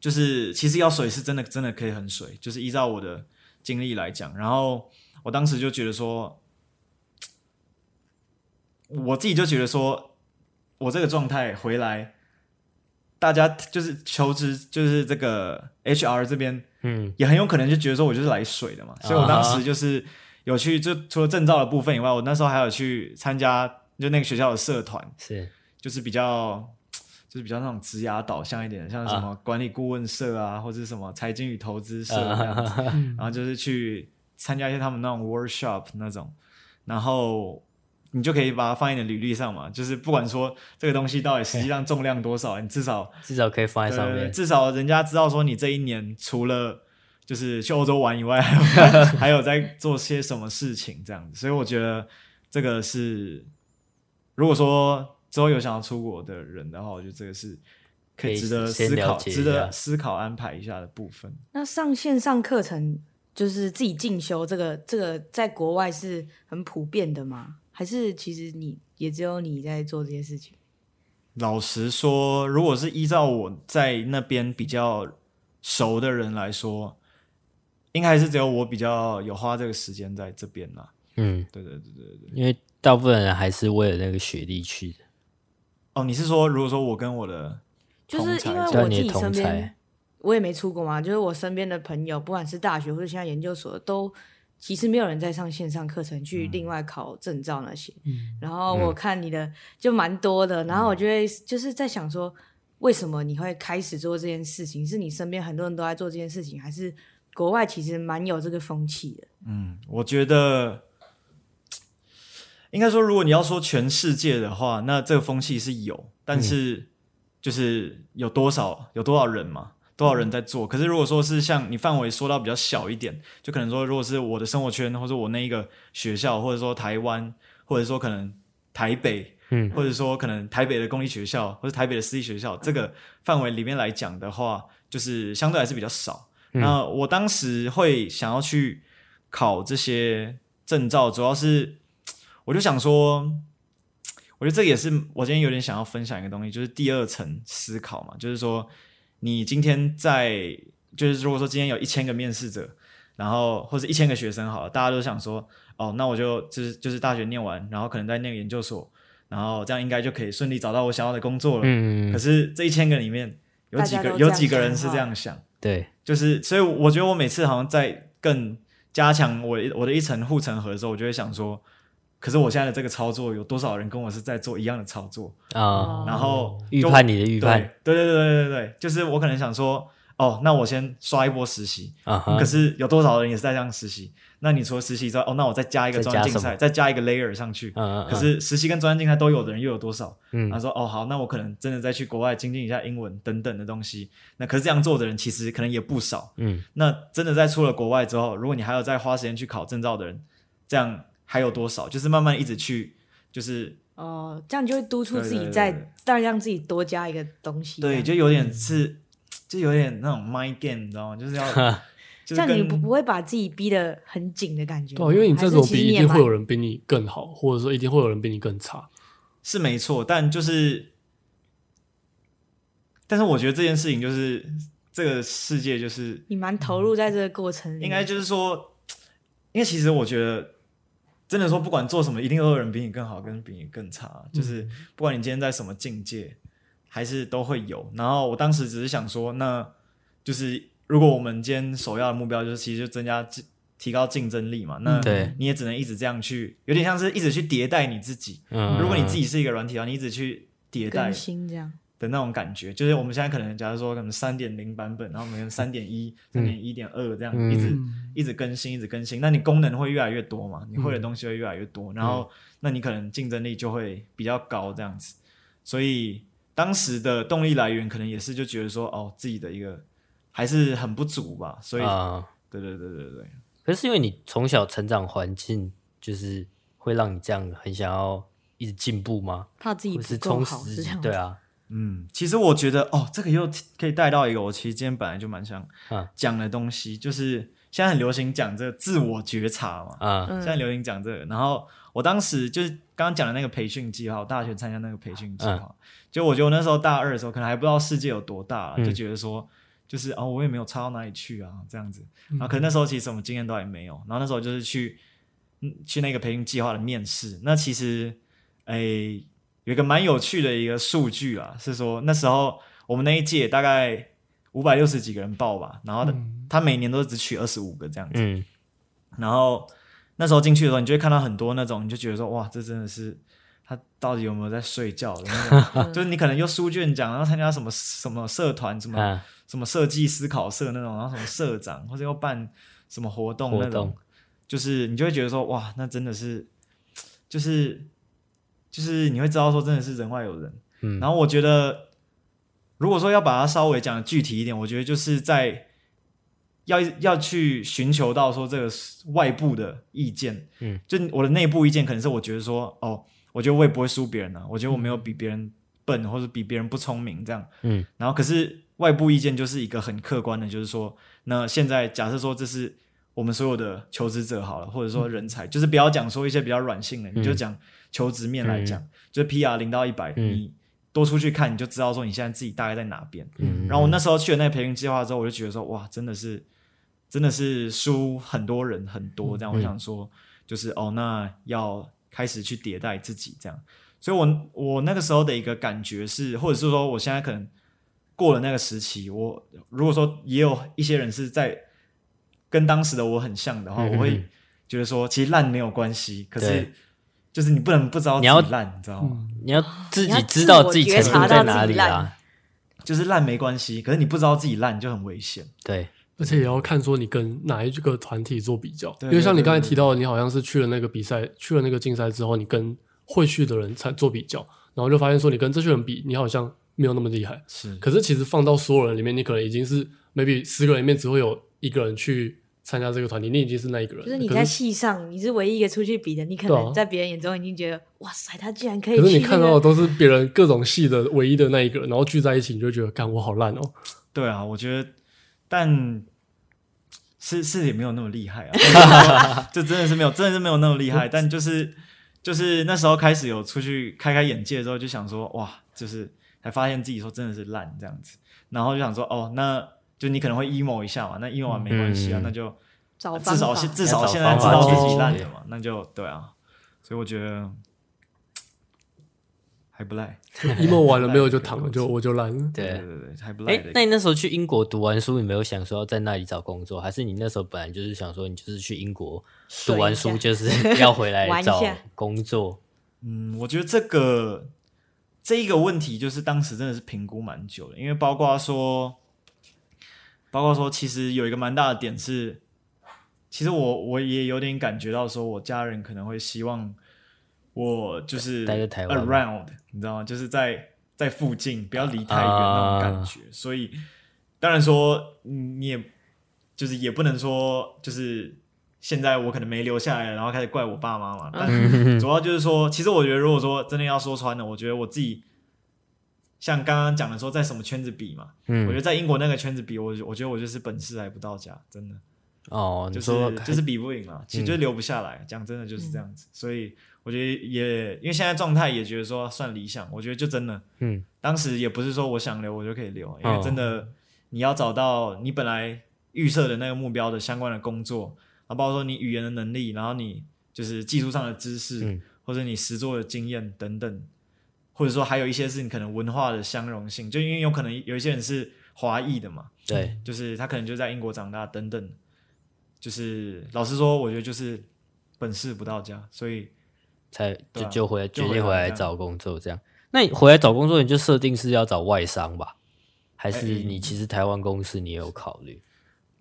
就是其實要水是真的真的可以很水，就是依照我的經歷來講，然後我當時就覺得說。我自己就覺得說，我這個狀態回來，大家就是求職，就是這個 HR 這邊，嗯，也很有可能就覺得說我就是來水的嘛。所以我當時就是有去，就除了證照的部分以外，我那時候還有去參加，就那個學校的社團，是，就是比較，就是比較那種職涯導向一點，像什麼管理顧問社啊，或者是什麼財經與投資社這樣子，然後就是去參加一些他們那種 workshop 那種，然後。你就可以把它放在履歷上嘛，就是不管說這個東西到底實際上重量多少，Okay. 你至少至少可以放在上面。呃，至少人家知道說你這一年除了就是去歐洲玩以外， 還有在做些什麼事情這樣子。所以我覺得這個是，如果說之後有，有想要出國的人的話，我覺得這個是可以值得思考、值得思考安排一下的部分。那上線上課程就是自己進修，這個這個在國外是很普遍的嗎？還是其實你也只有你在做這些事情。老實說，如果是依照我在那邊比較熟的人來說，應該還是只有我比較有花這個時間在這邊了。嗯，對對對對，對，對，因為大部分人還是為了那個學歷去的。哦，你是說如果說我跟我的同就，就是因為我自己身邊，我也沒出過嘛，就是我身邊的朋友，不管是大學或者現在研究所都。其實沒有人在上線上課程去另外考證照那些，嗯，然後我看你的就蠻多的，嗯，然後我就會就是在想說，為什麼你會開始做這件事情？是你身邊很多人都在做這件事情，還是國外其實蠻有這個風氣的？嗯，我覺得應該說，如果你要說全世界的話，那這個風氣是有，但是就是有多少有多少人嘛。多少人在做？可是如果說是像你範圍縮到比較小一點，就可能說，如果是我的生活圈，或者是我那一個學校，或者說台灣，或者說可能台北，嗯，或者說可能台北的公立學校，或者台北的私立學校，這個範圍裡面來講的話，就是相對還是比較少。嗯，那我當時會想要去考這些證照，主要是我就想說，我覺得這也是我今天有點想要分享一個東西，就是第二層思考嘛，就是說。你今天在就是，如果說今天有一千個面試者，然後或者一千個學生，好了，大家都想說，哦，那我就就是就是大學念完，然後可能再念個研究所，然後這樣應該就可以順利找到我想要的工作了。嗯，可是這一千個裡面有幾個有幾個人是這樣想？對，就是所以我覺得我每次好像在更加強我我的一層護城河的時候，我就會想說。嗯可是我現在的這個操作，有多少人跟我是在做一樣的操作啊？Uh, 然後就預判你的預判，對對對對對對，就是我可能想說，哦，那我先刷一波實習啊、uh huh. 嗯。可是有多少人也是在這樣實習？那你除了實習之外，哦，那我再加一個專業競賽，加再加一個 layer 上去。Uh huh. 可是實習跟專業競賽都有的人又有多少？他、uh huh. 說，哦，好，那我可能真的再去國外精進一下英文等等的東西。那可是這樣做的人其實可能也不少。嗯、uh，huh. 那真的在出了國外之後，如果你還有再花時間去考證照的人，這樣。還有多少？就是慢慢一直去，就是哦，這樣就會督促自己再再讓自己多加一個東西。對，就有點是，嗯、就有點那種 mind game，你知道嗎？就是要， 是這樣你不不會把自己逼得很緊的感覺。對，因為你在這種比一定會有人比你更好，或者說一定會有人比你更差，是沒錯。但就是，但是我覺得這件事情就是、嗯、這個世界就是你蠻投入在這個過程裡、嗯。應該就是說，因為其實我覺得。真的說，不管做什麼，一定會有人比你更好，跟比你更差。就是不管你今天在什麼境界，嗯、還是都會有。然後我當時只是想說，那就是如果我們今天首要的目標就是其實就增加、提高競爭力嘛，那你也只能一直這樣去，有點像是一直去迭代你自己。嗯，如果你自己是一個軟體的話，你一直去迭代的那種感覺，就是我們現在可能，假如說可能三點零版本，然後我們三點一、三點一點二這樣、嗯、一直一直更新，一直更新，那你功能會越來越多嘛？你會的東西會越來越多，嗯、然後那你可能競爭力就會比較高這樣子。所以當時的動力來源可能也是就覺得說，哦，自己的一個還是很不足吧。所以，啊、對對對對對。可是因為你從小成長環境就是會讓你這樣很想要一直進步嗎？怕自己不夠好，對啊。嗯，其實我覺得哦，這個又可以帶到一個我其實今天本來就蠻想講的東西，啊、就是現在很流行講這個自我覺察嘛，啊、嗯，現在流行講這個。然後我當時就是剛剛講的那個培訓計劃，大學參加那個培訓計劃，啊嗯、就我覺得我那時候大二的時候可能還不知道世界有多大，嗯，就覺得說就是哦、啊，我也沒有差到哪裡去啊，這樣子。然後可能那時候其實我們經驗都還沒有，然後那時候就是去去那個培訓計劃的面試，那其實哎。有一個蠻有趣的一個數據啊，是說那時候我們那一屆大概五百六十幾個人報吧，然後他每年都只取二十五個這樣子。嗯、然後那時候進去的時候，你就會看到很多那種，你就覺得說哇，這真的是他到底有沒有在睡覺的那種 就是你可能又書卷獎然後參加什麼什麼社團，什麼什麼設計思考社那種，然後什麼社長，或者要辦什麼活動那種，動就是你就會覺得說哇，那真的是就是。就是你會知道說真的是人外有人，嗯，然後我覺得，如果說要把它稍微講具體一點，我覺得就是在要要去尋求到說這個外部的意見，嗯，就我的內部意見可能是我覺得說哦，我覺得我也不會輸別人了，啊，我覺得我沒有比別人笨，嗯、或者比別人不聰明這樣，嗯，然後可是外部意見就是一個很客觀的，就是說那現在假設說這是。我們所有的求職者好了，或者說人才，就是不要講說一些比較軟性的，嗯、你就講求職面來講，嗯、就是 P R 零到一百、嗯，你多出去看，你就知道說你現在自己大概在哪邊。嗯、然後我那時候去了那個培訓計劃之後，我就覺得說哇，真的是，真的是輸很多人很多這樣。我想說，嗯嗯、就是哦，那要開始去迭代自己這樣。所以我我那個時候的一個感覺是，或者是說我現在可能過了那個時期，我如果說也有一些人是在。跟當時的我很像的話，我會覺得說，其實爛沒有關係。嗯、可是，就是你不能不知道自己對你要爛，你知道嗎？嗯、你要自己知道自己程度在哪裡啊。就是爛沒關係，可是你不知道自己爛就很危險。對，而且也要看說你跟哪一個團體做比較。對對對對對，因為像你剛才提到的，你好像是去了那個比賽，去了那個競賽之後，你跟會去的人才做比較，然後就發現說，你跟這些人比，你好像沒有那麼厲害。是，可是其實放到所有人裡面，你可能已經是 maybe 十個人裡面只會有。一個人去參加這個團體，你已經是那一個人了。就是你在戲上，是你是唯一一個出去比的，你可能在別人眼中已經覺得，啊、哇塞，他居然可以去。可是你看到的都是別人各種戲的唯一的那一個人，然後聚在一起，你就覺得，幹我好爛哦、喔。對啊，我覺得，但，是是也沒有那麼厲害啊。 就真的是沒有，真的是沒有那麼厲害。 但就是就是那時候開始有出去開開眼界的時候，就想說，哇，就是才發現自己說真的是爛這樣子。然後就想說，哦，那。就你可能會 emo 一下嘛，那 emo 完沒關係啊，嗯、那就至少至少現在知道自己爛了嘛，對那就對啊，所以我覺得還不賴。emo 對完了沒有就躺了對就我就爛了。對對對，對對對，還不賴、欸。那你那時候去英國讀完書，你沒有想說要在那裡找工作，還是你那時候本來就是想說，你就是去英國讀完書就是要回來找工作？一 下嗯，我覺得這個這一個問題就是當時真的是評估蠻久的，因為包括說。包括說，其實有一個蠻大的點是，其實我我也有點感覺到說，我家人可能會希望我就是在 around 你知道嗎？就是在在附近，不要離太遠那種感覺。Uh、所以，當然說你也就是也不能說就是現在我可能沒留下來，然後開始怪我爸媽嘛。但主要就是說， 其實我覺得，如果說真的要說穿了，我覺得我自己。像剛剛講的說，在什麼圈子比嘛？嗯，我覺得在英國那個圈子比，我我覺得我就是本事還不到家，真的。哦，就是你說就是比不贏嘛，其實就是留不下來。講、嗯、真的就是這樣子，嗯、所以我覺得也因為現在狀態也覺得說算理想。我覺得就真的，嗯，當時也不是說我想留我就可以留，因為真的你要找到你本來預設的那個目標的相關的工作，啊，包括說你語言的能力，然後你就是技術上的知識，嗯、或者你實作的經驗等等。或者說還有一些是你可能文化的相容性，就因為有可能有一些人是華裔的嘛，對、嗯，就是他可能就在英國長大等等，就是老實說，我覺得就是本事不到家，所以才就就回來、啊、決定回來找工作這樣。回這樣，那你回來找工作，你就設定是要找外商吧？還是你其實台灣公司你也有考慮？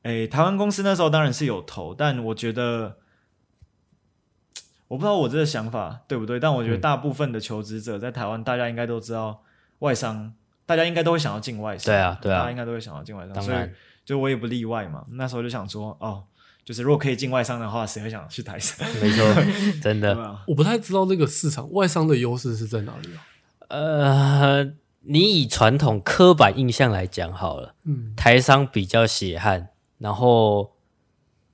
哎、欸欸，台灣公司那時候當然是有投，但我覺得。我不知道我這個想法對不對，但我覺得大部分的求職者在台灣，嗯、大家應該都知道外商，大家應該都會想要進外商。對啊，對啊，大家應該都會想要進外商。當然，所以就我也不例外嘛。那時候就想說，哦，就是如果可以進外商的話，誰會想去台商？沒錯， 真的。有沒有？我不太知道這個市場外商的優勢是在哪裡、啊、呃，你以傳統刻板印象來講好了，嗯，台商比較血汗，然後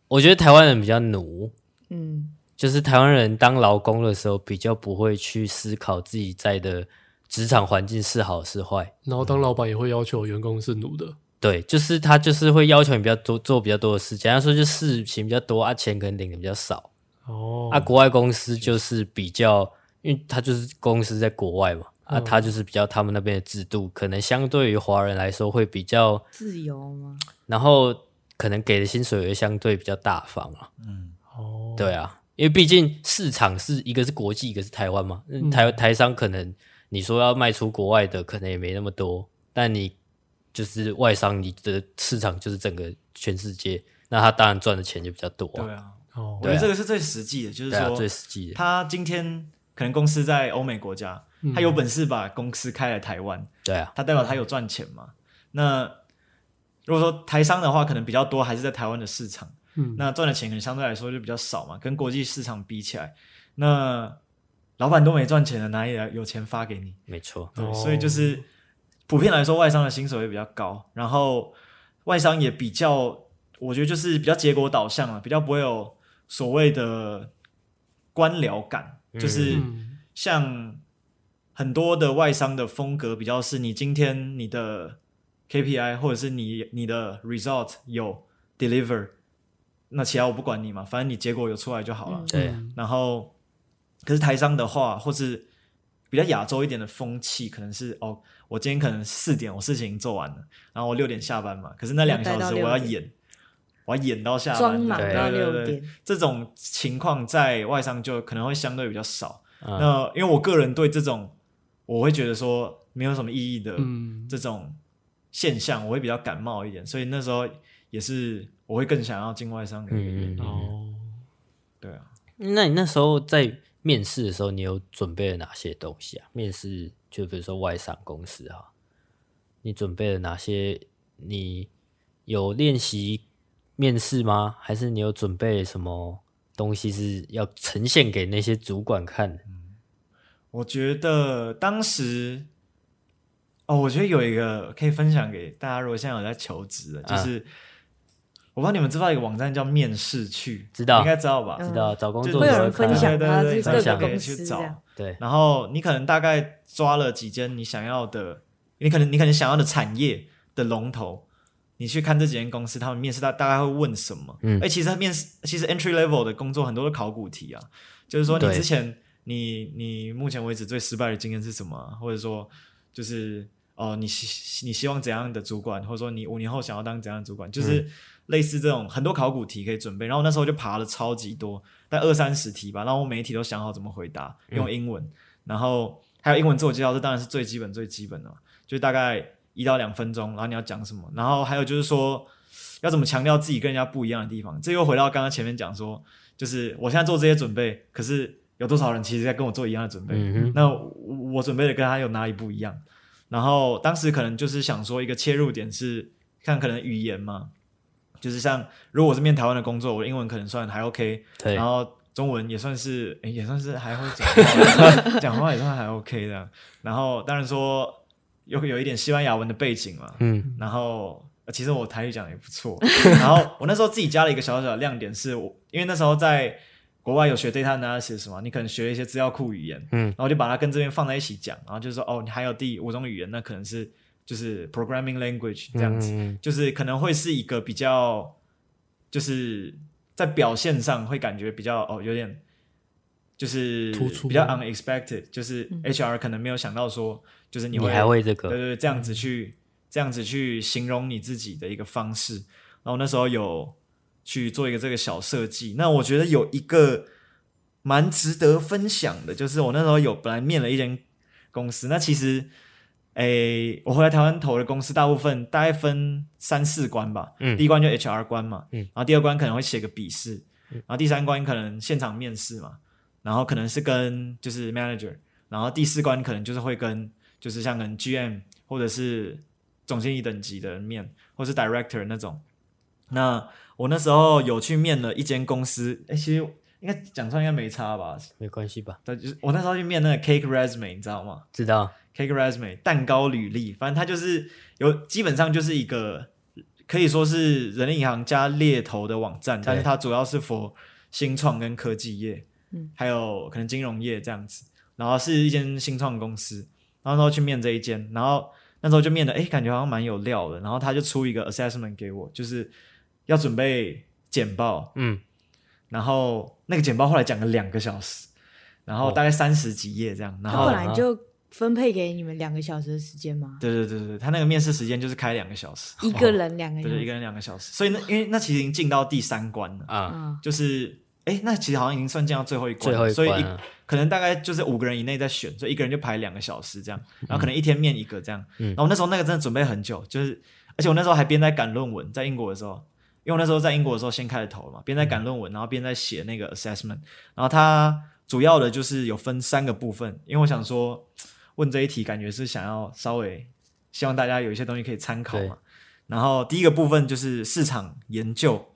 我覺得台灣人比較奴，嗯。就是台灣人當勞工的時候，比較不會去思考自己在的職場環境是好是壞，然後當老板也會要求員工是奴的、嗯。對，就是他就是會要求你比較多做比較多的事情，他說就事情比較多啊，錢可能領的比較少哦。啊，國外公司就是比較，因為他就是公司在國外嘛，嗯、啊，他就是比較他們那邊的制度，可能相對於華人來說會比較自由嘛，然後可能給的薪水也會相對比較大方啊。嗯，哦，對啊。因為畢竟市場是一個是國際，一個是台灣嘛。台、嗯、台商可能你說要賣出國外的，可能也沒那麼多。但你就是外商，你的市場就是整個全世界，那他當然賺的錢就比較多。對啊，哦、對啊我覺得這個是最實際的，就是說、啊、最實際的。他今天可能公司在歐美國家，他有本事把公司開來台灣，對啊、嗯，他代表他有賺錢嘛。那如果說台商的話，可能比較多還是在台灣的市場。嗯，那賺的錢可能相對來說就比較少嘛，跟國際市場比起來，那老闆都沒賺錢的，哪裡來有錢發給你？沒錯，對，所以就是普遍來說，外商的薪水也比較高，然後外商也比較，我覺得就是比較結果導向嘛，比較不會有所謂的官僚感，嗯、就是像很多的外商的風格比較是你今天你的 KPI 或者是你你的 result 有 deliver。那其他我不管你嘛，反正你結果有出來就好了、嗯。對。然後，可是台商的話，或是比較亞洲一點的風氣，可能是哦，我今天可能四點我事情做完了，然後我六點下班嘛。可是那兩個小時我要演，我要演到下班。對對對。對，這種情況在外商就可能會相對比較少。嗯、那因為我個人對這種，我會覺得說沒有什麼意義的這種現象，嗯、我會比較感冒一點。所以那時候。也是我會更想要進外商的一個原因哦。嗯嗯嗯，oh, 對啊，那你那時候在面試的時候，你有準備了哪些東西啊？面試就比如說外商公司啊，你準備了哪些？你有練習面試嗎？還是你有準備什麼東西是要呈現給那些主管看，嗯？我覺得當時哦，我覺得有一個可以分享給大家，嗯、如果現在有在求職的，就是。啊我不知道你們知不知道一個網站叫面試去，知道應該知道吧？知道找工作時候分享，對對，對對對，各個公司你去找。對，然後你可能大概抓了幾間你想要的，對你可能你可能想要的產業的龍頭，你去看這幾間公司，他們面試大大概會問什麼？嗯，哎、欸，其實他面試其實 entry level 的工作很多的考古題啊，就是說你之前對你你目前為止最失敗的經驗是什麼、啊？或者說就是哦、呃，你希你希望怎樣的主管？或者說你五年後想要當怎樣的主管？就是。嗯類似這種很多考古題可以準備，然後那時候就爬了超級多，大概二三十題吧。然後我每一題都想好怎麼回答，用英文。嗯、然後還有英文自我介紹，這當然是最基本最基本的，就大概一到兩分鐘。然後你要講什麼？然後還有就是說要怎麼強調自己跟人家不一樣的地方。這又回到剛剛前面講說，就是我現在做這些準備，可是有多少人其實在跟我做一樣的準備？嗯、哼那我，我準備的跟他有哪裡不一樣？然後當時可能就是想說一個切入點是看可能語言嘛。就是像，如果我是面台灣的工作，我的英文可能算還 OK，對然後中文也算是，誒，也算是還會講話， 講話也算還 OK 這樣。然後當然說有，又有一點西班牙文的背景嘛，嗯，然後其實我台語講也不錯。 然後我那時候自己加了一個小小的亮點是我，是因為那時候在國外有學 Data Analysis 嘛，你可能學了一些資料庫語言，嗯，然後就把它跟這邊放在一起講，然後就是說，哦，你還有第五種語言，那可能是。就是 programming language 這樣子，嗯、就是可能會是一個比較，就是在表現上會感覺比較哦，有點就是比較 unexpected，就是 HR 可能沒有想到說，就是你會還會這個，對對對，這樣子去這樣子去形容你自己的一個方式。然後那時候有去做一個這個小設計，那我覺得有一個蠻值得分享的，就是我那時候有本來面了一間公司，那其實。哎，我回來台灣投的公司，大部分，大概分三四關吧。嗯，第一關就 HR 關嘛。嗯，然後第二關可能會寫個筆試。嗯，然後第三關可能現場面試嘛。然後可能是跟就是 manager，然後第四關可能就是會跟就是像可能 GM 或者是總經理等級的人面，或是 director 那種。那我那時候有去面了一間公司，哎，其實應該講出來應該沒差吧？沒關係吧？但就是我那時候去面那個 Cake Resume，你知道嗎？知道。Cake Resume 蛋糕履歷，反正它就是有，基本上就是一個可以說是人力銀行加獵頭的網站，對但是它主要是 for 新創跟科技業，嗯，還有可能金融業這樣子。然後是一間新創公司，然後，然後去面這一間，然後那時候就面的，哎、欸，感覺好像蠻有料的。然後他就出一個 assessment 給我，就是要準備簡報，嗯，然後那個簡報後來講了兩個小時，然後大概三十幾頁這樣，哦、然後後來就。分配給你們兩個小時的時間嗎？對對對對，他那個面試時間就是開兩個小時，一個人兩個小時，哦、對，對，對，一個人兩個小時。 所以那因為那其實已經進到第三關了 啊，就是哎、欸，那其實好像已經算進到最後一關了，最後一關、啊，所以一可能大概就是五個人以內在選，所以一個人就排兩個小時這樣，然後可能一天面一個這樣。嗯、然後我那時候那個真的準備很久，就是、嗯、而且我那時候還邊在趕論文，在英國的時候，因為我那時候在英國的時候先開了頭嘛，邊在趕論文，然後邊在寫那個 assessment，然後他主要的就是有分三個部分，因為我想說。嗯問這一題，感覺是想要稍微希望大家有一些東西可以參考嘛。對然後第一個部分就是市場研究，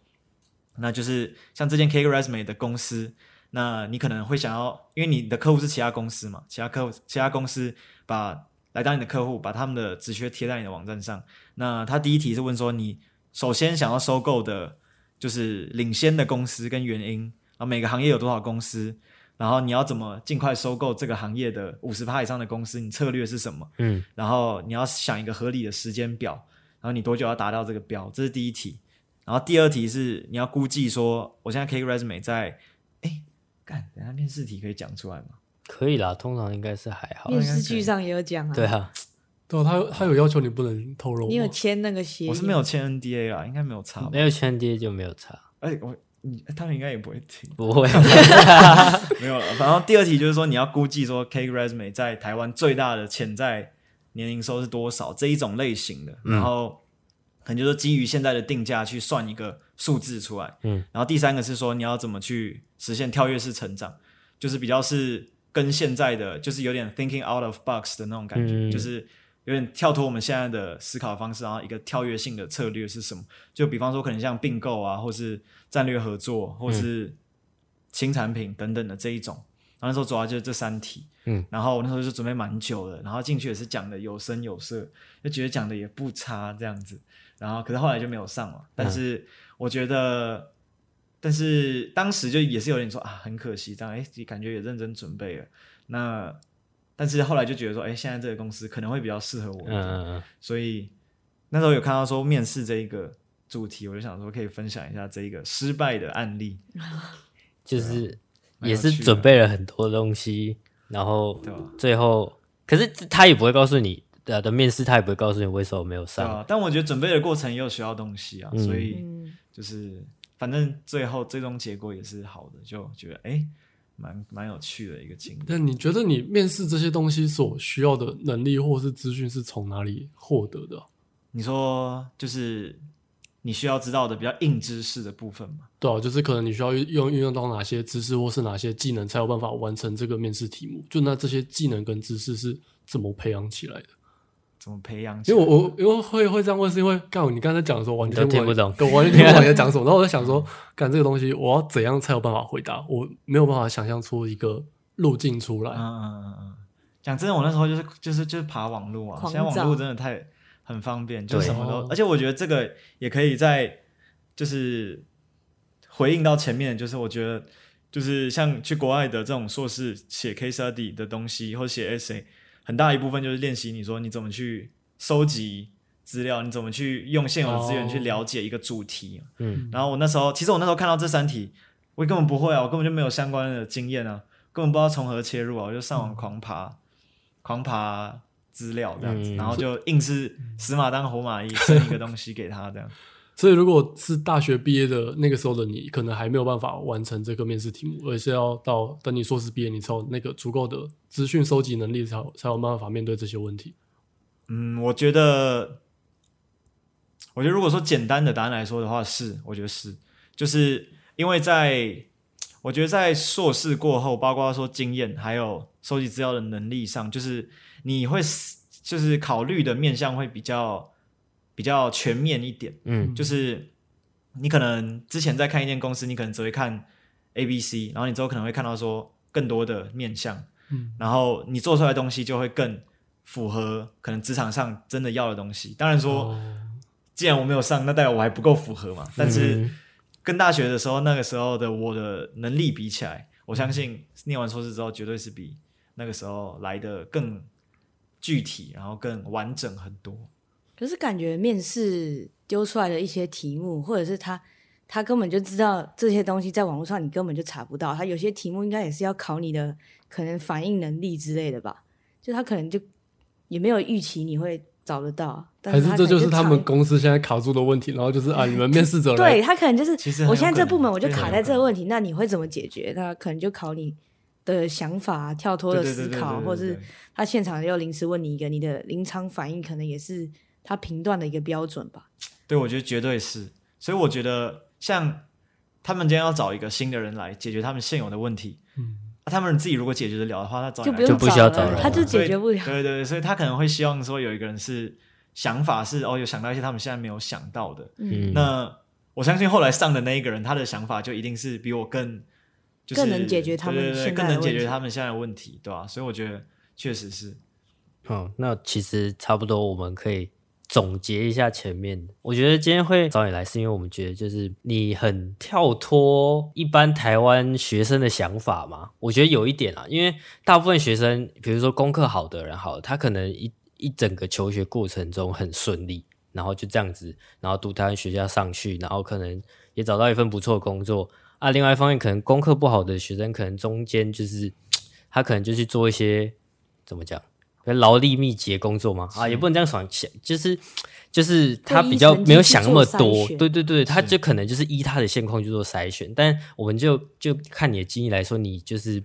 那就是像這間 Cake Resume 的公司，那你可能會想要，因為你的客戶是其他公司嘛，其他客戶其他公司把來當你的客戶，把他們的職缺貼在你的網站上。那他第一題是問說，你首先想要收購的就是領先的公司跟原因啊？然後每個行業有多少公司？然後你要怎麼儘快收購這個行業的五十趴以上的公司？你策略是什麼？嗯，然後你要想一個合理的時間表，然後你多久要達到這個標？這是第一題。然後第二題是你要估計說，我現在 CakeResume 在，哎，幹，等下面試題可以講出來嗎？可以啦，通常應該是還好。電視劇上也有講啊。對啊，對，他他有要求你不能透露。你有簽那個協議？我是沒有簽 NDA 啊，應該沒有差。沒有簽 NDA 就沒有差。哎我。他們應該也不會聽，不會、啊， 沒有了。然後第二題就是說，你要估計說，CakeResume 在台灣最大的潛在年營收是多少這一種類型的，嗯、然後可能就是基於現在的定價去算一個數字出來。嗯，然後第三個是說，你要怎麼去實現跳躍式成長，嗯、就是比較是跟現在的就是有點 thinking out of box 的那種感覺，嗯、就是。有點跳脫我們現在的思考的方式，然後一個跳躍性的策略是什麼？就比方說可能像併購啊，或是戰略合作，或是新產品等等的這一種。嗯、然後那時候主要就是這三題，嗯，然後我那時候就準備蠻久的，然後進去也是講的有聲有色，就覺得講的也不差這樣子。然後可是後來就沒有上了，但是我覺得，嗯、但是當時就也是有點說啊，很可惜這樣，哎、欸，感覺也認真準備了，那。但是後來就覺得說，哎、欸，現在這個公司可能會比較適合我，嗯、所以那時候有看到說面試這一個主題，我就想說可以分享一下這一個失敗的案例，就是也是準備了很多東西，嗯、然後最後吧可是他也不會告訴你的的面試，他也不會告訴你為什麼沒有上，啊。但我覺得準備的過程也有需要東西啊，嗯、所以就是反正最後最終結果也是好的，就覺得哎。欸蠻蠻有趣的一個經歷。但你覺得你面試這些東西所需要的能力或是資訊是從哪裡獲得的啊？你說就是你需要知道的比較硬知識的部分嗎？對啊，就是可能你需要用運用到哪些知識或是哪些技能才有辦法完成這個面試題目，就那這些技能跟知識是怎麼培養起來的？怎麼培養？因為我我因為會會這樣問，是因為告你剛才講的時候，完全聽不懂，完全聽不懂你在講什麼。然後我在想說，幹這個東西，我要怎樣才有辦法回答？我沒有辦法想象出一個路徑出來。嗯嗯嗯。講真的，我那時候就是就是就是爬網路啊，現在網路真的太很方便，就什麼都。而且我覺得這個也可以在就是回應到前面，就是我覺得就是像去國外的這種碩士寫 case study 的東西，或者寫 essay。很大一部分就是練習，你說你怎麼去收集資料，你怎麼去用現有的資源去了解一個主題。啊哦。嗯，然後我那時候，其實我那時候看到這三題，我根本不會啊，我根本就沒有相關的經驗啊，根本不知道從何切入啊，我就上網狂爬，嗯、狂爬資料這樣子，嗯、然後就硬是死馬當活馬醫，嗯、生一個東西給他這樣。 所以，如果是大學畢業的那個時候的你，可能還沒有辦法完成這個面試題目，而是要到等你碩士畢業，你才有那個足夠的資訊收集能力，才有才有辦法面對這些問題。嗯，我覺得，我覺得如果說簡單的答案來說的話，是，我覺得是，就是因為在我覺得在碩士過後，包括說經驗還有收集資料的能力上，就是你會，就是考慮的面向會比較。比較全面一點，嗯，就是你可能之前在看一間公司，你可能只會看 ABC，然後你之後可能會看到說更多的面向，嗯，然後你做出來的東西就會更符合可能職場上真的要的東西。當然說，既然我沒有上，那代表我還不夠符合嘛。但是跟大學的時候那個時候的我的能力比起來，嗯，我相信念完碩士之後絕對是比那個時候來得更具體，然後更完整很多。可是感覺面試丟出來的一些題目，或者是他他根本就知道這些東西，在網絡上你根本就查不到。他有些題目應該也是要考你的可能反應能力之類的吧？就他可能就也沒有預期你會找得到。但是可還是這就是他們公司現在卡住的問題，然後就是啊，你們面試者對他可能就是，我現在這部門我就卡在這個問題，對那你會怎麼解決？他可能就考你的想法、跳脫的思考，或者是他現場又臨時問你一個，你的臨場反應可能也是。他評斷的一個標準吧。對，我覺得絕對是。所以我覺得，像他們今天要找一個新的人來解決他們現有的問題，嗯、啊，他們自己如果解決得了的話，那早就不用，不需要找人了，後他就解決不了。對對對，所以他可能會希望說，有一個人是想法是哦，有想到一些他們現在沒有想到的。嗯。那我相信後來上的那一個人，他的想法就一定是比我更，就是、更能解決他們的對對對，更能解決他們現在的問題，對吧、啊？所以我覺得確實是。嗯、哦，那其實差不多，我們可以。總結一下前面，我覺得今天會找你來，是因為我們覺得就是你很跳脫一般台灣學生的想法嘛。我覺得有一點啊，因為大部分學生，比如說功課好的人，好，他可能一一整個求學過程中很順利，然後就這樣子，然後讀台灣學校上去，然後可能也找到一份不錯的工作啊。另外一方面，可能功課不好的學生，可能中間就是他可能就去做一些怎麼講？勞力密集的工作嘛，啊，是也不能這樣想，想就是，就是他比較沒有想那麼多，對對對，他就可能就是依他的現況去做篩選，是選。但我們就就看你的經歷來說，你就是，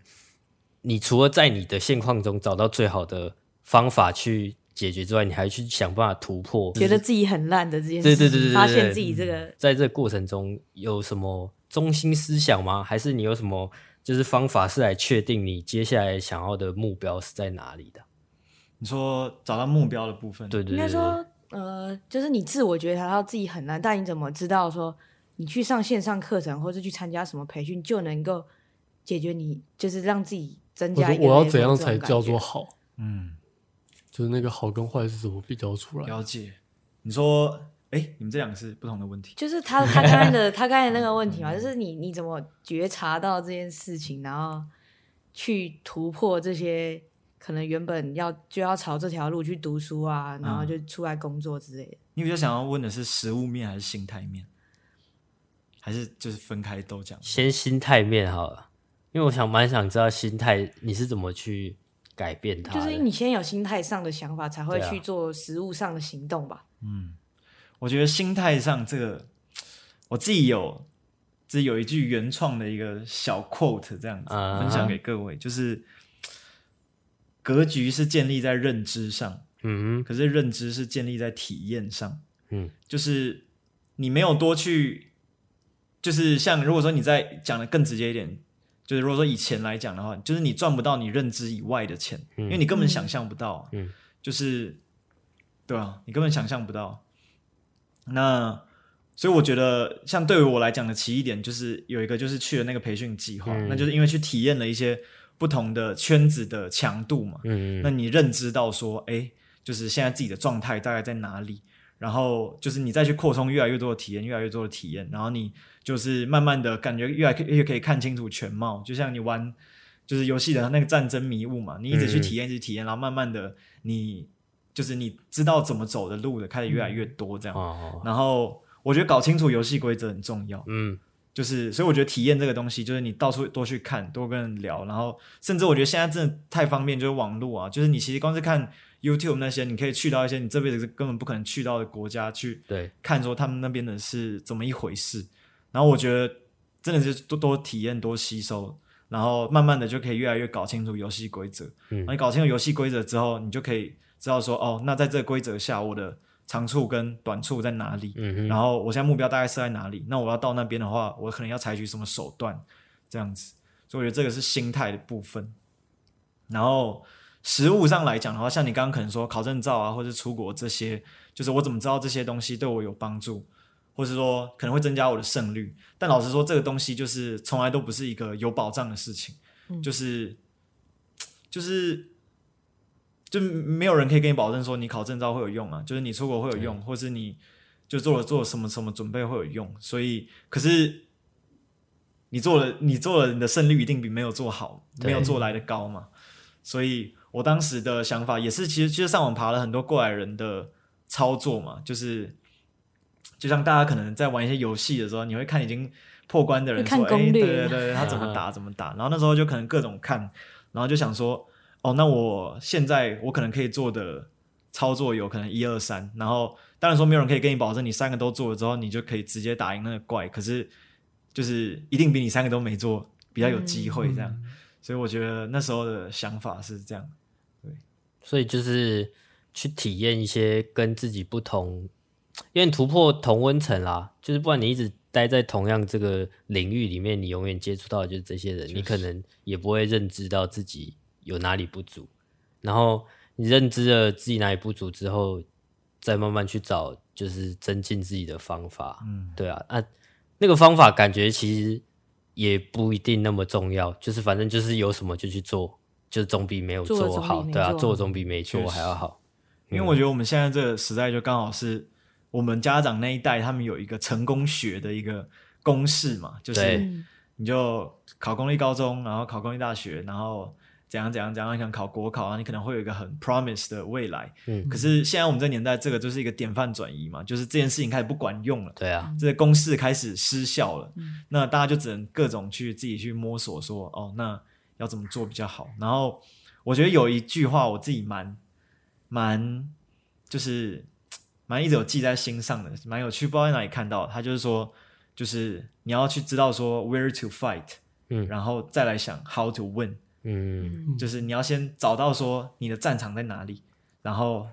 你除了在你的現況中找到最好的方法去解決之外，你還去想辦法突破，覺得自己很爛的這件事情，對，對對對對，發現自己這個，嗯、在這個過程中有什麼中心思想嗎？還是你有什麼就是方法是來確定你接下來想要的目標是在哪裡的？你說找到目標的部分，嗯、對對，應該說呃，就是你自我覺察到自己很難，但你怎麼知道說你去上線上課程或者去參加什麼培訓就能夠解決你，就是讓自己增加一？我我要怎樣才，這才叫做好？嗯，就是那個好跟壞是怎麼比較出來？了解。你說，哎，你們這兩個是不同的問題。就是他他剛才的 他剛才那個問題嘛，就是你你怎麼覺察到這件事情，然後去突破這些。可能原本要就要朝這條路去讀書啊，然後就出來工作之類的。嗯、你比較想要問的是實務面還是心態面，還是就是分開都講？先心態面好了，因為我想蠻想知道心態你是怎麼去改變它。就是你先有心態上的想法，才會去做實務上的行動吧。啊、嗯，我覺得心態上這個，我自己有這有一句原創的一個小 quote，這樣子分享給各位，uh huh. 就是。格局是建立在認知上，嗯，嗯可是認知是建立在體驗上，嗯，就是你沒有多去，就是像如果說你在講的更直接一點，就是如果說以前來講的話，就是你賺不到你認知以外的錢，嗯、因為你根本想象不到，嗯、就是，對啊，你根本想象不到。那所以我覺得，像對於我來講的奇異點，就是有一個就是去了那個培訓計劃，嗯、那就是因為去體驗了一些。不同的圈子的強度嘛，嗯，那你認知到說，誒、欸，就是現在自己的狀態大概在哪裡，然後就是你再去擴充越來越多的體驗，越來越多的體驗，然後你就是慢慢的感覺越來，越來越可以看清楚全貌，就像你玩就是遊戲的那個戰爭迷霧嘛，你一直去體驗，一直、嗯、體驗，然後慢慢的你就是你知道怎麼走的路的開始越來越多這樣，嗯、好好好，然後我覺得搞清楚遊戲規則很重要，嗯。就是，所以我覺得體驗這個東西，就是你到處多去看，多跟人聊，然後甚至我覺得現在真的太方便，就是網絡啊，就是你其實光是看 YouTube 那些，你可以去到一些你這輩子根本不可能去到的國家去，對，看說他們那邊的是怎麼一回事。對然後我覺得真的是多多體驗、多吸收，然後慢慢的就可以越來越搞清楚遊戲規則。嗯，那你搞清楚遊戲規則之後，你就可以知道說，哦，那在這個規則下，我的。長處跟短處在哪裡？然後我現在目標大概是在哪裡？那我要到那邊的話，我可能要採取什麼手段？這樣子，所以我覺得這個是心態的部分。然後實務上來講的話，像你剛剛可能說考證照啊，或者出國這些，就是我怎麼知道這些東西對我有幫助，或者是說可能會增加我的勝率？但老實說，這個東西就是從來都不是一個有保障的事情，就是就是。就沒有人可以跟你保證說你考證照會有用啊，就是你出國會有用，對或是你就做了做什麼什麼準備會有用。所以，可是你做了，你做了，你的勝率一定比沒有做好、沒有做來得高嘛。對所以，我當時的想法也是，其實其實上網爬了很多過來人的操作嘛，就是就像大家可能在玩一些遊戲的時候，你會看已經破關的人說，哎、欸，對對對，他怎麼打、啊、怎麼打。然後那時候就可能各種看，然後就想說，哦，那我現在我可能可以做的操作有可能一二三，然後當然說沒有人可以跟你保證你三個都做了之後你就可以直接打贏那個怪，可是就是一定比你三個都沒做比較有機會這樣，嗯嗯、所以我覺得那時候的想法是這樣，對，所以就是去體驗一些跟自己不同，因為突破同溫層啦，就是不然你一直待在同樣這個領域裡面，你永遠接觸到的就是這些人，就是、你可能也不會認知到自己。有哪裡不足，然後你認知了自己哪裡不足之後，再慢慢去找就是增進自己的方法。嗯，對啊，啊，那個方法感覺其實也不一定那麼重要，就是反正就是有什麼就去做，就總、是、比沒有做好。做做啊對啊，做總比沒做還要好。就是嗯、因為我覺得我們現在這個時代就剛好是我們家長那一代他們有一個成功學的一個公式嘛，就是對你就考公立高中，然後考公立大學，然後。怎樣怎樣怎樣，想考國考啊？你可能會有一個很 promise 的未來。嗯。可是現在我們這年代，這個就是一個典範轉移嘛，就是這件事情開始不管用了。對啊。嗯。這個公式開始失效了。嗯。那大家就只能各種去自己去摸索說，說哦，那要怎麼做比較好？然後我覺得有一句話，我自己蠻蠻就是蠻一直有記在心上的，蠻有趣，不知道在哪裡看到。他就是說，就是你要去知道說 where to fight，嗯，然後再來想 how to win。嗯，就是你要先找到說你的戰場在哪裡，然後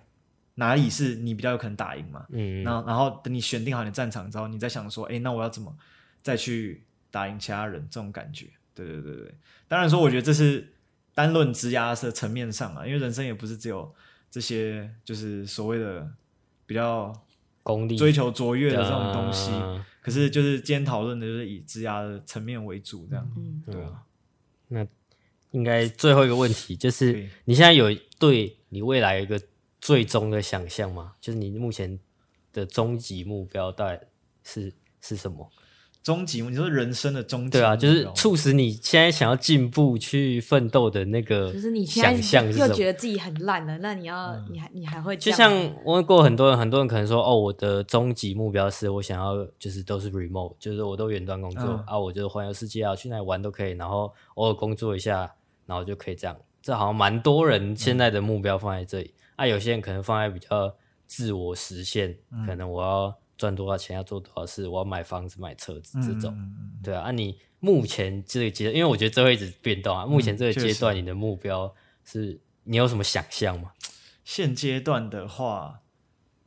哪裡是你比較有可能打贏嘛。嗯，那然、然後等你選定好你的戰場之後，你再想說，哎、欸，那我要怎麼再去打贏其他人？這種感覺，對對對對。當然說，我覺得這是單論職涯的層面上啊，因為人生也不是只有這些，就是所謂的比較功利、追求卓越的這種東西。啊、可是，就是今天討論的就是以職涯的層面為主，這樣，嗯、對啊吧、嗯。那。應該最後一個問題就是，你現在有對你未來一個最終的想象嗎？就是你目前的終極目標大概是是什麼？終極，你說人生的終極，嗯、對啊，就是促使你現在想要進步、去奮鬥的那個想象，就是你現在又覺得自己很爛了，那你要，嗯、你還，你還會？就像我問過很多人，很多人可能說，哦，我的終極目標是我想要，就是都是 remote，就是我都遠端工作、嗯、啊，我就環遊世界啊，去哪裡玩都可以，然後偶爾工作一下，然後就可以這樣。這好像蠻多人現在的目標放在這裡、嗯、啊，有些人可能放在比較自我實現，嗯、可能我要。賺多少錢，要做多少事，我要買房子、買車子這種，嗯、對啊。啊你目前這個階段，因為我覺得這會一直變動啊。目前這個階段，你的目標是、嗯就是、你有什麼想象嗎？現階段的話，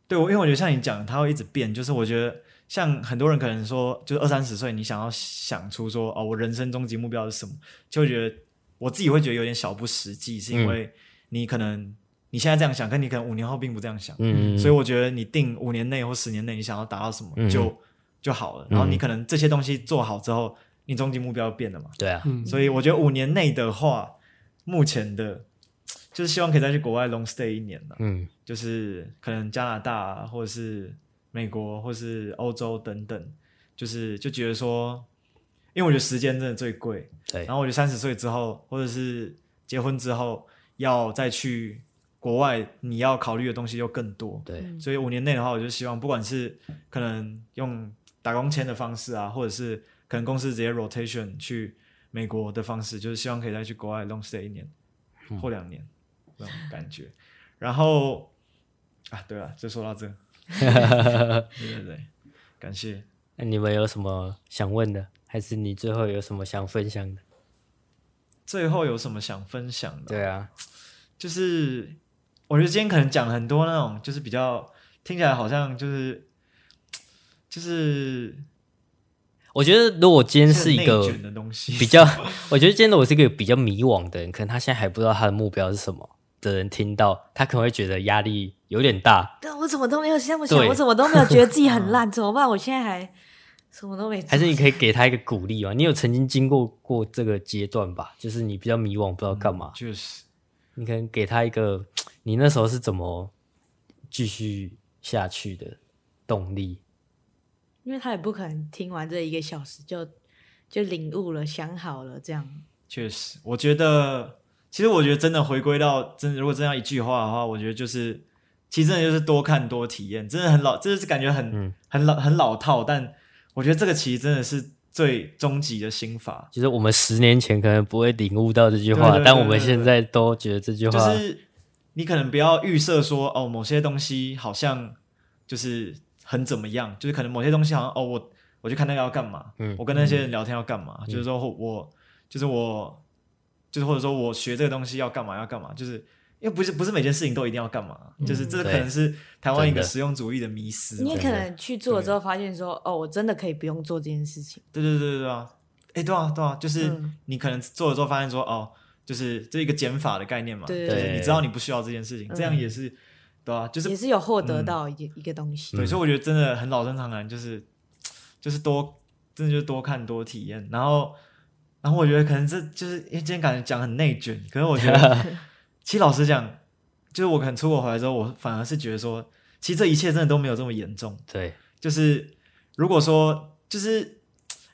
對我，因為我覺得像你講，它會一直變。就是我覺得像很多人可能說，就是二三十歲，你想要想出說啊、哦，我人生終極目標是什麼？就會覺得我自己會覺得有點小不實際，是因為你可能。你現在這樣想，跟你可能五年後並不這樣想，嗯、所以我覺得你定五年內或十年內你想要達到什麼就、嗯、就好了。嗯、然後你可能這些東西做好之後，你終極目標變了嘛？對啊，嗯、所以我覺得五年內的話，目前的，就是希望可以再去國外 long stay 一年了，嗯，就是可能加拿大或者是美國或者是歐洲等等，就是就覺得說，因為我覺得時間真的最貴，對。然後我覺得三十歲之後或者是結婚之後要再去。國外你要考慮的東西又更多，對，所以五年內的話，我就希望不管是可能用打工簽的方式啊，或者是可能公司直接 rotation 去美國的方式，就是希望可以再去國外 long stay 一年或兩年、嗯、那種感覺。然後啊，對了，就說到這個， 對對對，感謝。那、啊、你們有什麼想問的，還是你最後有什麼想分享的？最後有什麼想分享的？對啊，就是。我覺得今天可能講很多那種，就是比較聽起來好像就是就是，我覺得如果我今天是一個是比較，我覺得今天我是一個比較迷惘的人，可能他現在還不知道他的目標是什麼的人聽到，他可能會覺得壓力有點大。但我怎麼都沒有這麼想，我怎對麼都沒有覺得自己很爛， 怎麼辦？我現在還什麼都沒。還是你可以給他一個鼓勵嘛？你有曾經經過過這個階段吧？就是你比較迷惘，不知道幹嘛，嗯。就是，你可能給他一個。你那時候是怎麼繼續下去的動力？因為他也不可能聽完這一個小時就就領悟了、想好了這樣。確實，我覺得，其實我覺得真的回歸到真的，如果真要一句話的話，我覺得就是，其實真的就是多看多體驗，真的很老，這就是感覺很、嗯、很老很老套。但我覺得這個其實真的是最終極的心法。其實我們十年前可能不會領悟到這句話，但我們現在都覺得這句話。就是你可能不要預設說哦，某些東西好像就是很怎麼樣，就是可能某些東西好像哦，我我去看那個要幹嘛？嗯，我跟那些人聊天要幹嘛？嗯、就是說我、嗯、就是我就是或者說我學這個東西要幹嘛？要幹嘛？就是因為不是不是每件事情都一定要幹嘛，嗯、就是這可能是、啊、台灣一個實用主義的迷思。的你可能去做了之後發現說對哦，我真的可以不用做這件事情。對，對對對對對啊！哎，對啊對啊，就是你可能做了之後發現說、嗯、哦。就是這一個減法的概念嘛，對就是你知道你不需要這件事情，對這樣也是、嗯、對啊，就是也是有獲得到一個、嗯、一個東西。對，嗯、所以我覺得真的很老生常談，就是就是多，真的就是多看多體驗。然後，然後我覺得可能這就是因為今天感覺講很內捲，可是我覺得 其實老實講，就是我可能出國回來之後，我反而是覺得說，其實這一切真的都沒有這麼嚴重。對，對就是如果說就是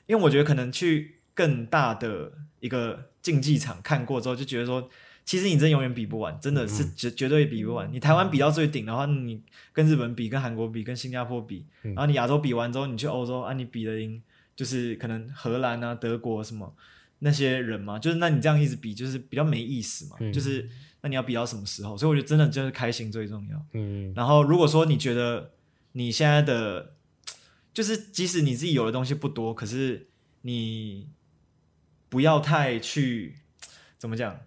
因為我覺得可能去。更大的一個競技場看過之後，就覺得說，其實你真的永遠比不完，真的是絕絕對比不完。你台灣比到最頂的話，你跟日本比，跟韓國比，跟新加坡比，然後你亞洲比完之後，你去歐洲啊，你比得贏就是可能荷蘭啊、德國什麼那些人嘛，就是那你這樣一直比，就是比較沒意思嘛。就是那你要比到什麼時候？所以我覺得真的就是開心最重要。嗯，然後如果說你覺得你現在的就是即使你自己有的東西不多，可是你。不要太去怎麼講？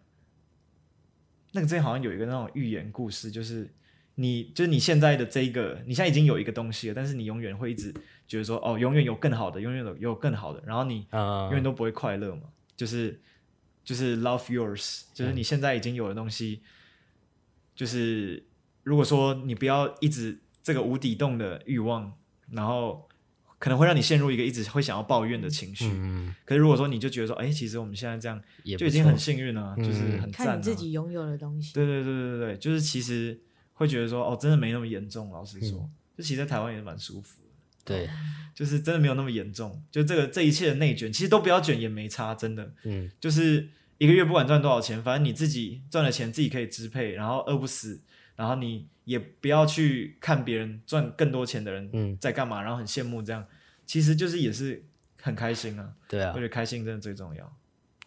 那個之前好像有一個那種寓言故事，就是你就是你現在的這個，你現在已經有一個東西了，但是你永遠會一直覺得說，哦，永遠有更好的，永遠有有更好的，然後你永遠都不會快樂嘛。Uh、就是就是 love yours，就是你現在已經有的東西，嗯、就是如果說你不要一直這個無底洞的欲望，然後。可能會讓你陷入一個一直會想要抱怨的情緒。嗯、可是如果說你就覺得說，哎、欸，其實我們現在這樣就已經很幸運了，啊，嗯、就是很讚，啊、自己擁有的東西。對對對對對，就是其實會覺得說，哦、喔，真的沒那麼嚴重。老實說，嗯、就其實在台灣也蠻舒服對，嗯，就是真的沒有那麼嚴重。就這個這一切的內捲，其實都不要捲也沒差，真的。嗯、就是一個月不管賺多少錢，反正你自己賺的錢自己可以支配，然後餓不死，然後你。也不要去看別人賺更多錢的人在幹嘛，嗯、然後很羨慕這樣，其實就是也是很開心啊。對啊，我覺得開心真的最重要，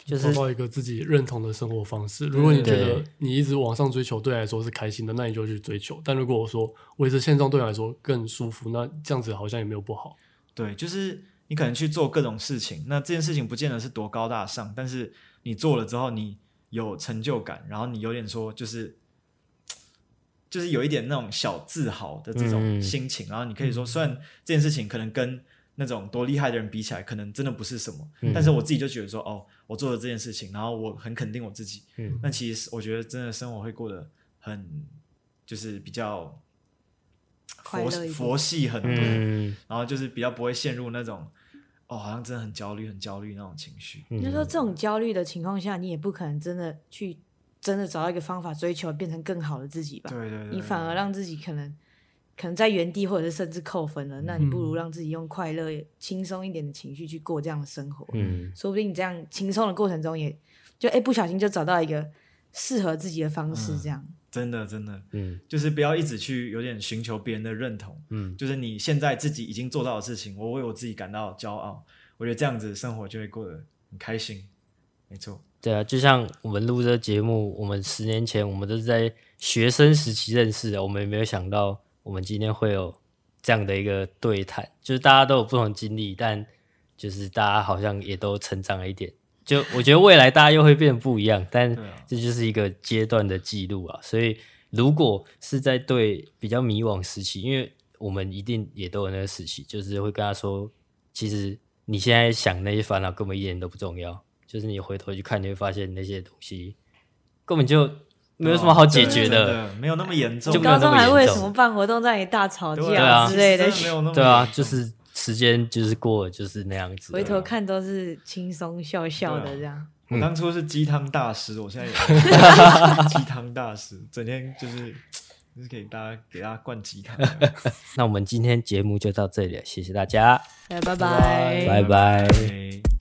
就是找到一個自己認同的生活方式。如果你覺得你一直往上追求對來說是開心的，嗯、那你就去追求。但如果我說維持現狀對你來說更舒服，嗯、那這樣子好像也沒有不好。對，就是你可能去做各種事情，那這件事情不見得是多高大上，但是你做了之後，你有成就感，然後你有點說就是。就是有一點那種小自豪的這種心情，嗯、然後你可以說，雖然這件事情可能跟那種多厲害的人比起來，可能真的不是什麼，嗯、但是我自己就覺得說，哦，我做了這件事情，然後我很肯定我自己。嗯，那其實我覺得真的生活會過得很，就是比較佛佛系很多。然後就是比較不會陷入那種、嗯、哦，好像真的很焦慮、很焦慮那種情緒。嗯、就是說這種焦慮的情況下，你也不可能真的去。真的找到一個方法追求變成更好的自己吧。對對對，對，你反而讓自己可能可能在原地，或者是甚至扣分了。那你不如讓自己用快樂、輕鬆一點的情緒去過這樣的生活。嗯，說不定你這樣輕鬆的過程中也，也就哎、欸、不小心就找到一個適合自己的方式，這樣。真的、嗯、真的，真的嗯，就是不要一直去有點尋求別人的認同。嗯，就是你現在自己已經做到的事情，我為我自己感到驕傲。我覺得這樣子生活就會過得很開心。沒錯。對啊，就像我們錄這個節目，我們十年前我們都是在學生時期認識的，我們也沒有想到我們今天會有這樣的一個對談，就是大家都有不同經歷，但就是大家好像也都成長了一點。就我覺得未來大家又會變得不一樣，但這就是一個階段的記錄啊。啊所以如果是在對比較迷惘時期，因為我們一定也都有那個時期，就是會跟他說：“其實你現在想那些煩惱根本一點都不重要。”就是你回頭去看，你會發現那些東西根本就沒有什麼好解決的，啊、的沒有那麼嚴重。就重高中還為什麼辦活動讓你大吵架、啊啊、之類的，的沒有對啊，就是時間就是過了，就是那樣子。回頭看都是輕鬆笑笑的這樣。啊啊、我當初是雞湯大師，我現在也雞湯大師， 整天就是就是給大家給大家灌雞湯。 那我們今天節目就到這裡了，謝謝大家，拜拜，拜拜。拜拜。